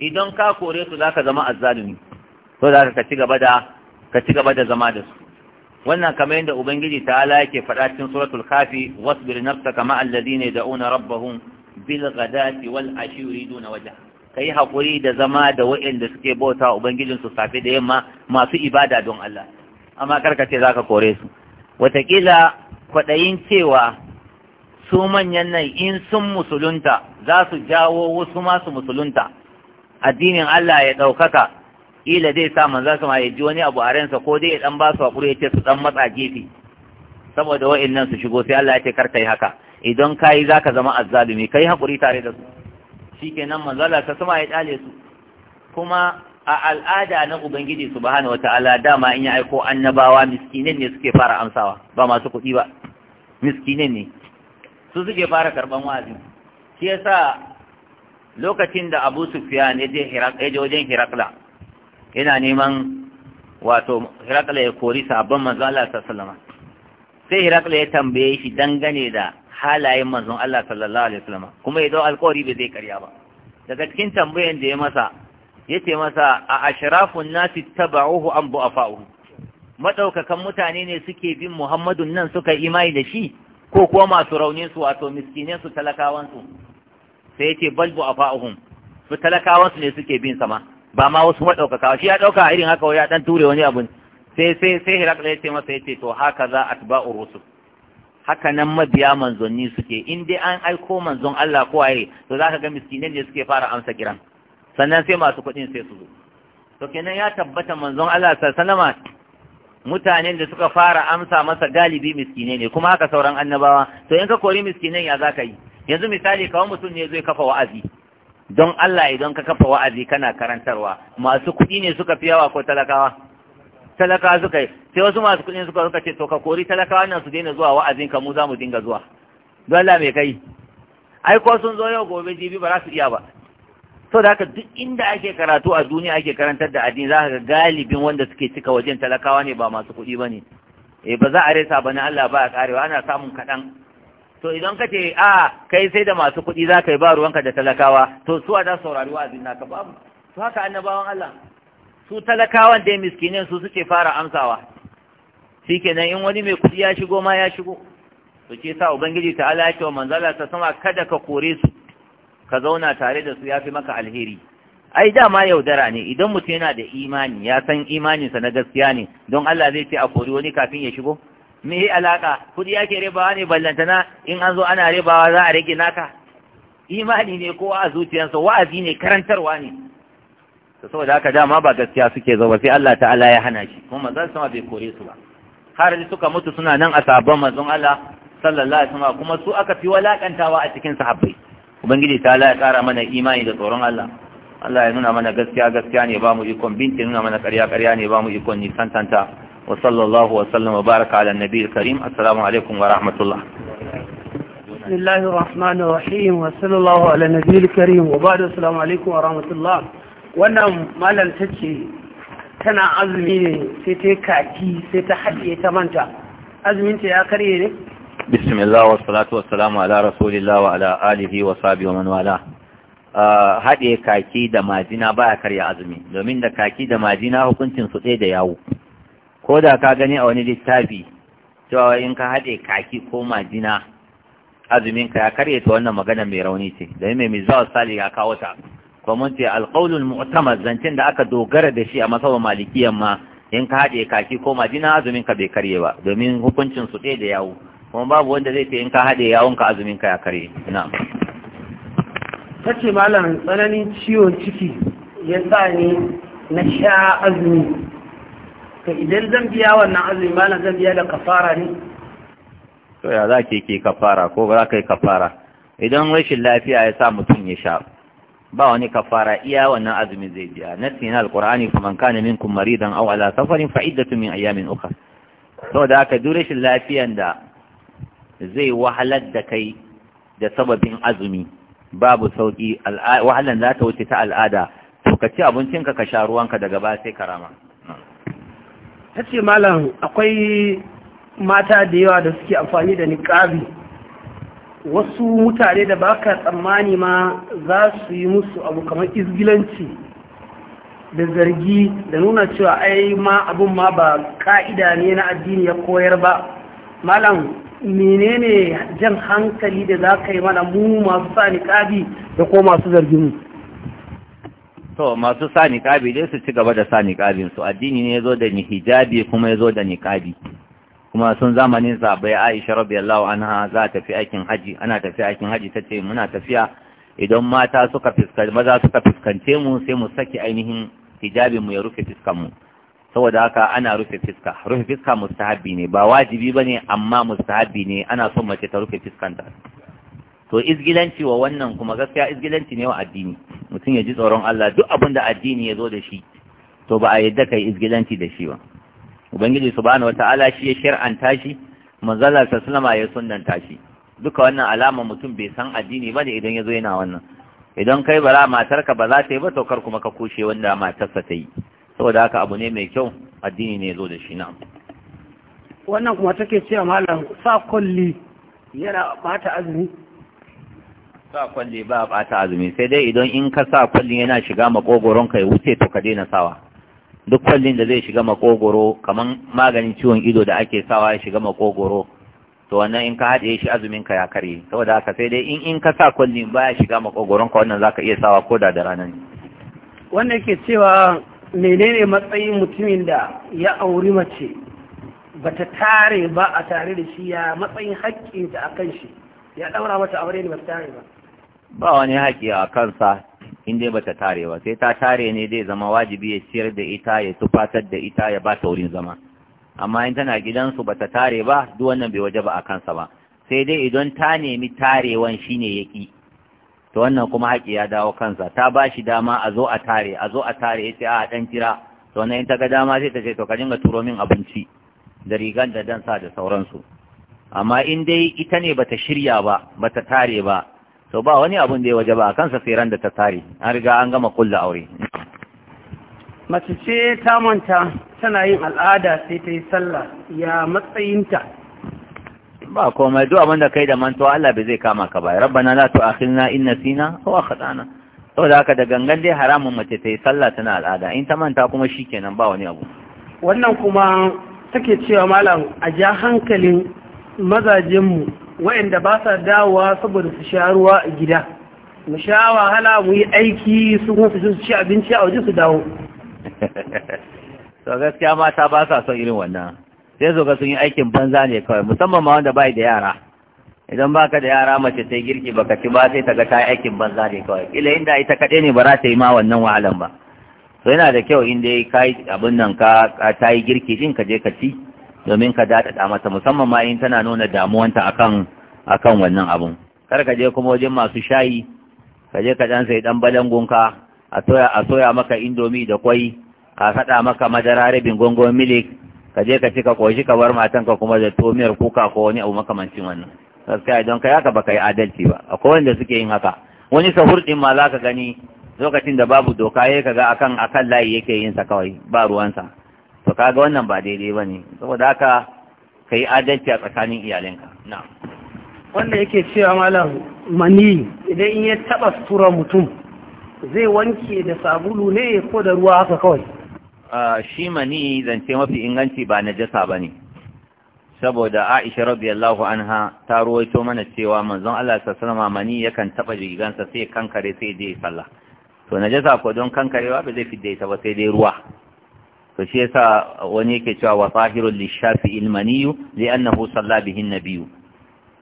idan ka kore su za ka zama azzalumi to za ka ci gaba da ka ci gaba da zama da su wannan kamar yadda ubangiji ta'ala yake faɗa cikin suratul kafi wasbir nafsaka ne ladina yad'una rabbahum bil ghadati wal ashi yuriduna wajha yi haƙuri da zama da waɗanda suke bauta ubangijinsu safe da yamma masu ibada don Allah amma karka za ka kore su Watakila kwaɗayin cewa su manyan nan in sun musulunta za su jawo wasu masu musulunta addinin Allah ya ɗaukaka ila zai sa manzan su ma ya ji wani abu a ransa ko dai ya ɗan ba su haƙuri ya ce su ɗan matsa gefe saboda waɗannan su shigo sai Allah ya ce kar ka yi haka idan ka yi za ka zama azzalumi ka yi haƙuri tare da su nan manzala ta sama ya tsale su kuma a al'ada na ubangiji wata al'ada dama in ya aiko annabawa miskinin ne suke fara amsawa ba masu kuɗi ba miskinin ne su suke fara karban wazi shi sa lokacin da Abu Sufyan ya je wajen Hirakla yana neman wato Hirakla ya kori sabon manzala ta salama? sai Hirakla ya tambaye shi dangane da halayen manzon Allah sallallahu alaihi wasallam kuma ya dau alƙawari bai zai karya ba daga cikin tambayan da ya masa yace masa a ashrafun nasi tabauhu am bu'afa'uhu madaukakan mutane ne suke bin Muhammadun nan suka imani da shi ko kuwa masu raunin su wato miskinen su talakawan su sai yace bal bu'afa'uhum su talakawan su ne suke bin sama ba ma wasu madaukaka shi ya dauka irin haka ya dan ture wani abu sai sai sai ya yace masa yace to haka za atba'ur rusul haka nan mabiya manzanni suke in dai an aiko manzon Allah ko aye to zaka ga miskinai ne suke fara amsa kiran sannan sai masu kuɗin sai su zo to kenan ya tabbata manzon Allah sallama mutanen da suka fara amsa masa galibi miskinai ne kuma haka sauran annabawa to in ka kori miskinai ya zaka yi yanzu misali kawai mutum ne zai kafa wa'azi don Allah idan ka kafa wa'azi kana karantarwa masu kuɗi ne suka fi yawa ko talakawa talaka suka yi sai wasu masu kudin suka suka ce to ka kori talakawa nan su daina zuwa wa'azin ka mu za mu dinga zuwa dole me kai ai ko sun zo yau gobe jibi ba za su iya ba to da haka duk inda ake karatu a duniya ake karantar da addini za ka ga galibin wanda suke cika wajen talakawa ne ba masu kuɗi ba ne eh ba za a resa ba na Allah ba a karewa ana samun kaɗan to idan ka ce a kai sai da masu kuɗi za ka yi ba ruwanka da talakawa to suwa za su saurari wa'azin naka babu to haka annabawan Allah su talakawan dai miskinin su suke fara amsawa shi kenan in wani mai kuɗi ya shigo ma ya shigo to ce sa ubangiji ta ala ya ce wa manzala ta sama kada ka kore su ka zauna tare da su ya fi maka alheri ai dama yaudara ne idan mutum yana da imani ya san imaninsa na gaskiya ne don Allah zai ce a kori wani kafin ya shigo me yi alaka kudi yake rebawa ne ballantana in an zo ana rebawa za a rage naka imani ne kowa a zuciyarsa wa'azi ne karantarwa ne to saboda haka dama ba gaskiya suke zo sai Allah ta'ala ya hana shi kuma manzon sama bai kore su ba har suka mutu suna nan a sabon manzon Allah sallallahu alaihi wasallam kuma su aka fi walakantawa a cikin sahabbai ubangiji ta'ala ya kara mana imani da tsoron Allah Allah ya nuna mana gaskiya gaskiya ne ba mu ikon binti nuna mana ƙarya ƙarya ne ba mu ikon nisantanta wa sallallahu wa sallam wa baraka ala nabiyil karim assalamu alaikum wa rahmatullah بسم الله الرحمن الرحيم وصلى الله على نبي الكريم وبعد السلام عليكم ورحمة الله wannan malam ta ce tana azumi ne sai ta kaki sai ta haɗe ta manta azuminta ya karye ne bismillah wa salatu wa salamu ala rasulillah wa ala alihi wa sabi wa manuwala ah, haɗe kaki da majina ba ya karya azumi domin da kaki da majina hukuncin su ɗaya da yawo ko da ka gani a wani littafi cewa in ka haɗe kaki ko majina azumin ka ya karye ta wannan magana mai rauni ce domin mai mizawar sali ya kawo ta kamar ce alƙaulul mu'tamad zancen da aka dogara da shi a masaba malikiyan ma in ka haɗe kaki ko majina azumin ka bai karye ba domin hukuncin su ɗaya da yawo kuma babu wanda zai ce in ka haɗe yawon ka azumin ka ya karye na kace malam tsananin ciwon ciki ya sa ni na sha azumi to idan zan biya wannan azumi malam zan biya da kafara ne to ya za ke ke kafara ko ba za ka yi kafara idan rashin lafiya ya sa mutum ya sha ba wani kafara iya wannan azumin zai biya nasi na alkur'ani kuma kana minkum maridan aw ala safarin fa iddatu min ayamin ukhra saboda aka duk rashin lafiyan da zai wahalar da kai da sababin azumi babu sauki Wahalar za ta wuce ta al'ada to ka ci ka ka sha ruwan ka daga ba sai karama tace malam akwai mata da yawa da suke amfani da niƙabi wasu mutane da baka tsammani ma za su yi musu abu kamar izgilanci da zargi da nuna cewa ai ma abun ma ba ka'ida ne na addini ya koyar ba malam menene jan hankali da za ka yi mana mu masu sa niƙabi da ko masu zargi mu to masu sa niƙabi dai su ci gaba da sa niƙabinsu addini ne ya zo da ni hijabi kuma ya zo da niƙabi kuma sun zamanin bai Aisha radiyallahu anha za ta fi aikin haji ana tafi aikin haji tace muna tafiya idan mata suka fuskanci maza suka fuskance mu sai mu saki ainihin hijabin mu ya rufe fiskan mu saboda haka ana rufe fiska rufe fiska mustahabi ne ba wajibi bane amma mustahabi ne ana son mace ta rufe fiskanta to izgilanci wa wannan kuma gaskiya izgilanci ne wa addini mutum ya ji tsoron Allah duk abin da addini ya zo da shi to ba a yadda kai izgilanci da shi ba ubangiji subhanahu wata'ala shi ya shar'anta shi manzalar ta sallama ya sunnanta shi duka wannan alama mutum bai san addini ba ne idan ya zo yana wannan idan kai bara matarka ba za ta yi ba to kuma ka kushe wanda matarsa ta yi saboda haka abu ne mai kyau addini ne ya zo da shi na wannan kuma take cewa malam sa kulli yana bata azumi sa kwalli ba bata azumi sai dai idan in ka sa kwalli yana shiga makogoron ka ya wuce to ka daina sawa duk kwallin da zai shiga makogoro kaman maganin ciwon ido da ake sawa ya shiga makogoro to wannan in ka haɗe shi azumin ka ya karye saboda haka sai dai in in ka sa kwallin baya shiga makogoron ka wannan zaka iya sawa ko da da ranar wanda yake cewa menene matsayin mutumin da ya auri mace bata tare ba a tare da shi ya matsayin haƙƙinta akan shi ya ɗaura mata aure ne bata tare ba ba wani haƙƙi a kansa in dai bata tare ba sai ta tare ne dai zama wajibi ya ciyar da ita ya tufatar da ita ya ba ta wurin zama amma in tana gidansu bata tare ba duk wannan bai waje ba a kansa ba sai dai idan ta nemi tarewan shine ya ƙi to wannan kuma haƙi ya dawo kansa ta ba shi dama a zo a tare a zo a tare ya ce a ɗan jira to wannan in ta ga dama sai ta ce to ka dinga turo min abinci da rigan da dan sa da sauransu amma in dai ita ne bata shirya ba bata tare ba to ba wani abun da ya waje ba kansa sai ran da ta tare an riga an gama kulla aure mace ce ta manta tana yin al'ada sai ta yi sallah ya matsayinta ba komai duk abin da kai da mantuwa Allah bai zai kama ka ba rabbana la tu'akhilna in nasina aw akhtana da haka da gangan dai haramun mace ta yi sallah tana al'ada in ta manta kuma shikenan ba wani abu wannan kuma take cewa malam a ja hankalin mazajen mu Wa'inda ba sa dawowa saboda su sha ruwa a gida mu sha wahala mu yi aiki su kuma su ci abinci a waje su dawo <laughs> to gaskiya mata ba sa son irin wannan sai zo ga sun yi aikin banza ne kawai musamman ma wanda bai da yara idan baka da yara mace sai girki baka ci ba sai ta ga ta aikin banza ne kawai ila inda ita kaɗai ne ba za ta yi ma wannan wahalan ba to yana da kyau inda ka yi abin nan ka ta yi girki din ka je ka ci domin ka daɗaɗa mata musamman ma in tana nuna damuwanta akan akan wannan abun kar ka je kuma wajen masu shayi ka je ka dan sai dan ka a soya a soya maka indomi da kwai ka fada maka madara rabin gongon milik ka je ka ci ka koshi ka bar matanka kuma da tomiyar kuka ko wani abu makamancin wannan gaskiya don kai haka baka yi adalci ba akwai wanda suke yin haka wani sahurdin ma ma zaka gani lokacin da babu doka yake kaga akan akan layi yake yin sa kawai ba ruwansa to kaga wannan ba daidai ba ne saboda haka ka yi adalci a tsakanin iyalinka wanda yake cewa malam mani idan in ya taɓa sutura mutum zai wanke da sabulu ne ko da ruwa haka kawai shi mani zance mafi inganci ba na jasa ba ne saboda Aisha an ha ta ruwaito mana cewa manzon Allah sanama mani yakan taba jirgansa sai kankare sai dai sallah to najasa ko don kankarewa ba zai fidda ita ba sai dai ruwa to shi yasa wani yake cewa wa zahirul lishafi'i almaniyu li'annahu salla bihi an-nabiyyu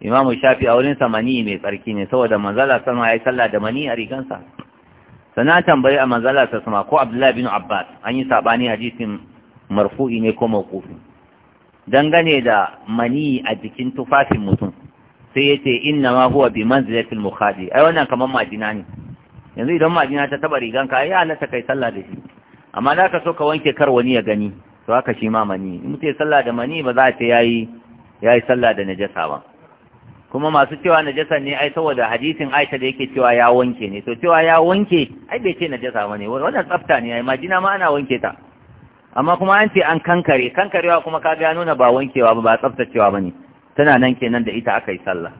imam shafi a wurin samani mai tsarki ne saboda manzala sama yayi sallah da mani a rigansa sana tambayi a manzala ta sama ko abdullahi bin abbas an yi sabani hadisin marfu'i ne ko mawqufi dangane da mani a jikin tufafin mutum sai yace inna ma huwa bi manzilatil mukhadi ai wannan kaman majina ne yanzu idan majina ta taba ka ai halatta kai sallah da shi amma za ka so ka wanke kar wani ya gani to haka shi ma mani in mutum ya sallah da mani ba za a ce ya yi sallah da najasa ba kuma masu cewa najasa ne ai saboda hadisin Aisha da yake cewa ya wanke ne to cewa ya wanke ai bai ce najasa bane wannan tsafta ne ai majina ma ana wanke ta amma kuma an ce an kankare kankarewa kuma ka ga nuna ba wankewa ba ba tsaftacewa bane tana nan kenan da ita aka yi sallah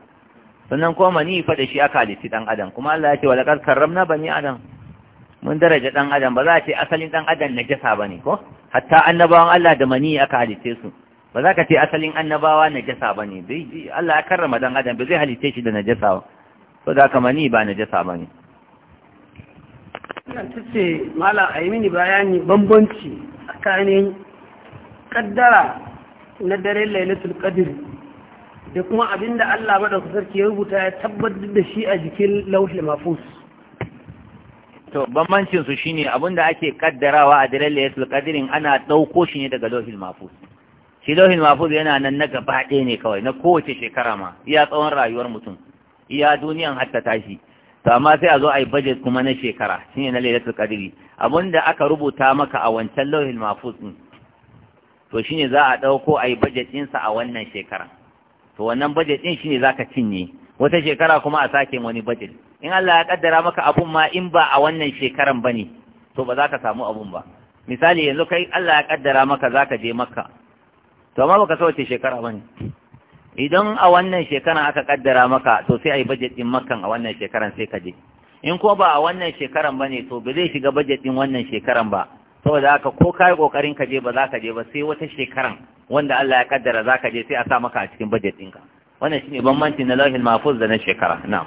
sannan kuma mani fa da shi aka halitti dan adam kuma Allah ya ce wa laqad karramna bani adam mun daraja ɗan adam ba za a ce asalin ɗan adam na jasa ba ne ko hatta annabawan Allah da mani aka halitte su ba za ka ce asalin annabawa na jasa ba ne Allah ya karrama ɗan adam ba zai halitte shi da na jasa ba so da kama ni ba najasa bane wannan tace mala ayi mini bayani bambanci tsakanin kaddara na dare lailatul qadr da kuma abinda Allah madaukakin sarki ya rubuta ya tabbatar da shi a jikin lauhul mahfuz to bambancin su shine abinda ake kaddarawa a daren yasul qadrin ana dauko shi ne daga lohil mahfuz shi lohil mahfuz yana nan na gaba ɗaya ne kawai na kowace shekara ma iya tsawon rayuwar mutum iya duniyan hatta tashi to amma sai a zo a yi budget kuma na shekara shine na lailatul qadri abinda aka rubuta maka a wancan lohil mahfuz din to shine za a dauko a yi budget din sa a wannan shekara to wannan budget din shine zaka cinye wata shekara kuma a sake wani budget in Allah ya kaddara maka abun ma in ba a wannan shekaran bane to ba za ka samu abun ba misali yanzu kai Allah ya kaddara maka za ka je makka to amma baka so wace shekara bane idan a wannan shekaran aka kaddara maka to sai ai budget din makkan a wannan shekaran sai ka je in ko ba a wannan shekaran bane to ba zai shiga budget din wannan shekaran ba saboda haka ko kai kokarin ka je ba za ka je ba sai wata shekaran wanda Allah ya kaddara za ka je sai a sa maka a cikin budget ɗinka. wannan shine bambanci na lauhin mafuz da na shekara na'am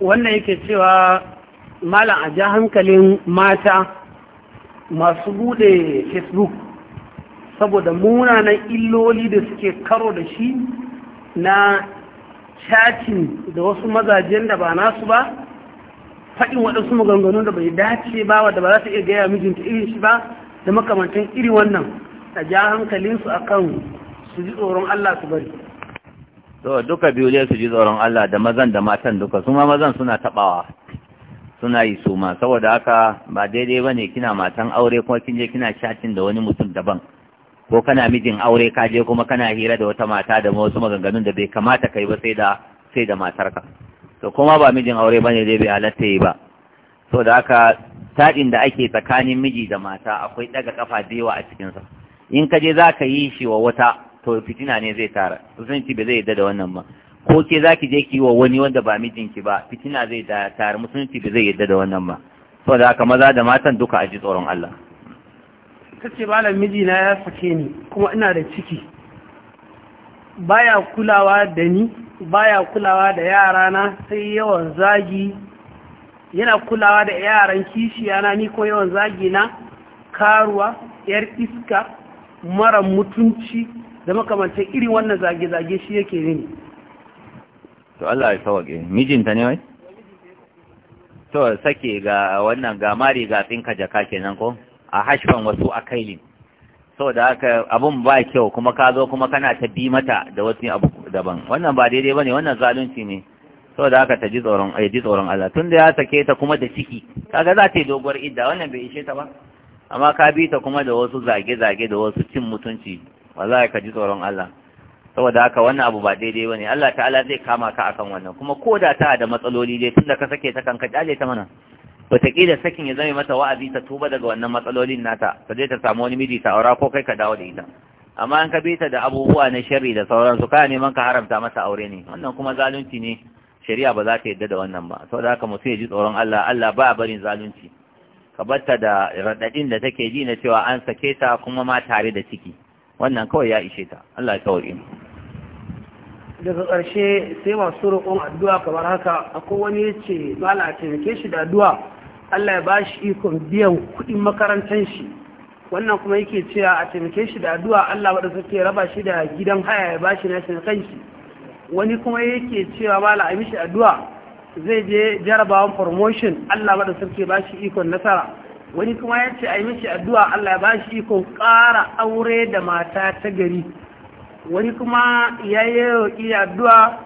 wannan yake cewa malam a ja hankalin mata masu bude facebook saboda munanan illoli da suke karo da shi na chatin da wasu mazajen da ba nasu ba faɗin waɗansu maganganu da bai dace ba wadda ba za su iya gaya mijinta irin shi ba da makamantan iri wannan a ja hankalinsu akan su ji tsoron Allah su bari to duka biyu ne su ji tsoron Allah da mazan da matan duka su ma mazan suna tabawa suna yi su ma saboda haka ba daidai bane kina matan aure kuma kin je kina shatin da wani mutum daban ko kana mijin aure ka je kuma kana hira da wata mata da wasu maganganun da bai kamata kai ba sai da sai da matarka to kuma ba mijin aure bane dai bai halatta yi ba so da haka taɗin da ake tsakanin miji da mata akwai ɗaga ƙafa da yawa a cikinsa in ka je za ka yi shi wa wata to fitina ne zai tara musulunci ba zai yadda da wannan ba ko ke za ki je ki wa wani wanda ba mijinki ba fitina zai tara musulunci ba zai yadda da wannan ba saboda haka maza da matan duka a ji tsoron Allah ta ce malam mijina ya sake ni kuma ina da ciki baya kulawa da ni baya kulawa da yarana sai yawan zagi yana kulawa da yaran kishiyana ni ko yawan zagi na karuwa yar iska mara mutunci da makamancin irin wannan zage-zage shi yake rini to Allah ya ke, mijinta ne wai to sake ga wannan ga mari ga tsinka jaka kenan ko a hashfan wasu akailin da haka abun ba kyau kuma ka zo kuma kana ta bi mata da wasu abu daban wannan ba daidai ba ne. wannan zalunci ne da haka ta ji tsoron ai ji tsoron Allah tunda ya sake ta kuma da ciki Ka ga za ta yi doguwar idda wannan bai ishe ta ba amma ka bi ta kuma da wasu zage-zage da wasu cin mutunci za ka ji tsoron Allah saboda haka wannan abu ba daidai bane Allah ta'ala zai kama ka akan wannan kuma ko da ta da matsaloli dai tunda ka sake ta kanka kyale ta mana wataƙila sakin ya zame mata wa'azi ta tuba daga wannan matsalolin nata ta je ta samu wani miji ta aura ko kai ka dawo da ita amma an ka bita da abubuwa na sharri da sauran su, kana neman ka haramta mata aure ne wannan kuma zalunci ne shari'a ba za ta yadda da wannan ba saboda haka mutum ya ji tsoron Allah Allah ba barin zalunci ka batta da raɗaɗin da take ji na cewa an sake ta kuma ma tare da ciki wannan kawai ya ishe ta Allah ya kawai daga ƙarshe sai masu roƙon addu'a kamar haka akwai wani ya ce mala a taimake shi da addu'a Allah ya ba shi ikon biyan kuɗin makarantar shi wannan kuma yake cewa a taimake shi da addu'a Allah waɗanda suke raba shi da gidan haya ya ba shi na shi kanshi wani kuma yake cewa na a mishi addu'a zai je jarabawan promotion Allah waɗanda suke ba shi ikon nasara wani kuma ya ce a yi mishi addu'a Allah ba shi ikon ƙara aure da mata ta gari wani kuma ya yi roƙi addu'a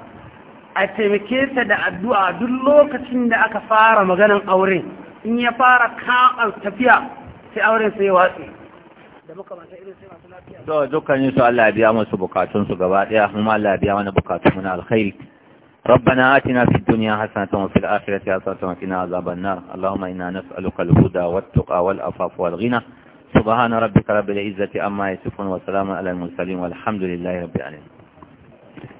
a taimake sa da addu'a duk lokacin da aka fara maganan aure in ya fara ka'ar tafiya sai auren sai watsi da mata irin sai masu lafiya. biya masu bukatunsu gaba kuma Allah biya wani na alkhairi. ربنا آتنا في الدنيا حسنة وفي الآخرة حسنة وقنا عذاب النار اللهم إنا نسألك الهدى والتقى والأفاف والغنى سبحان ربك رب العزة أما يسفون وسلام على المرسلين والحمد لله رب العالمين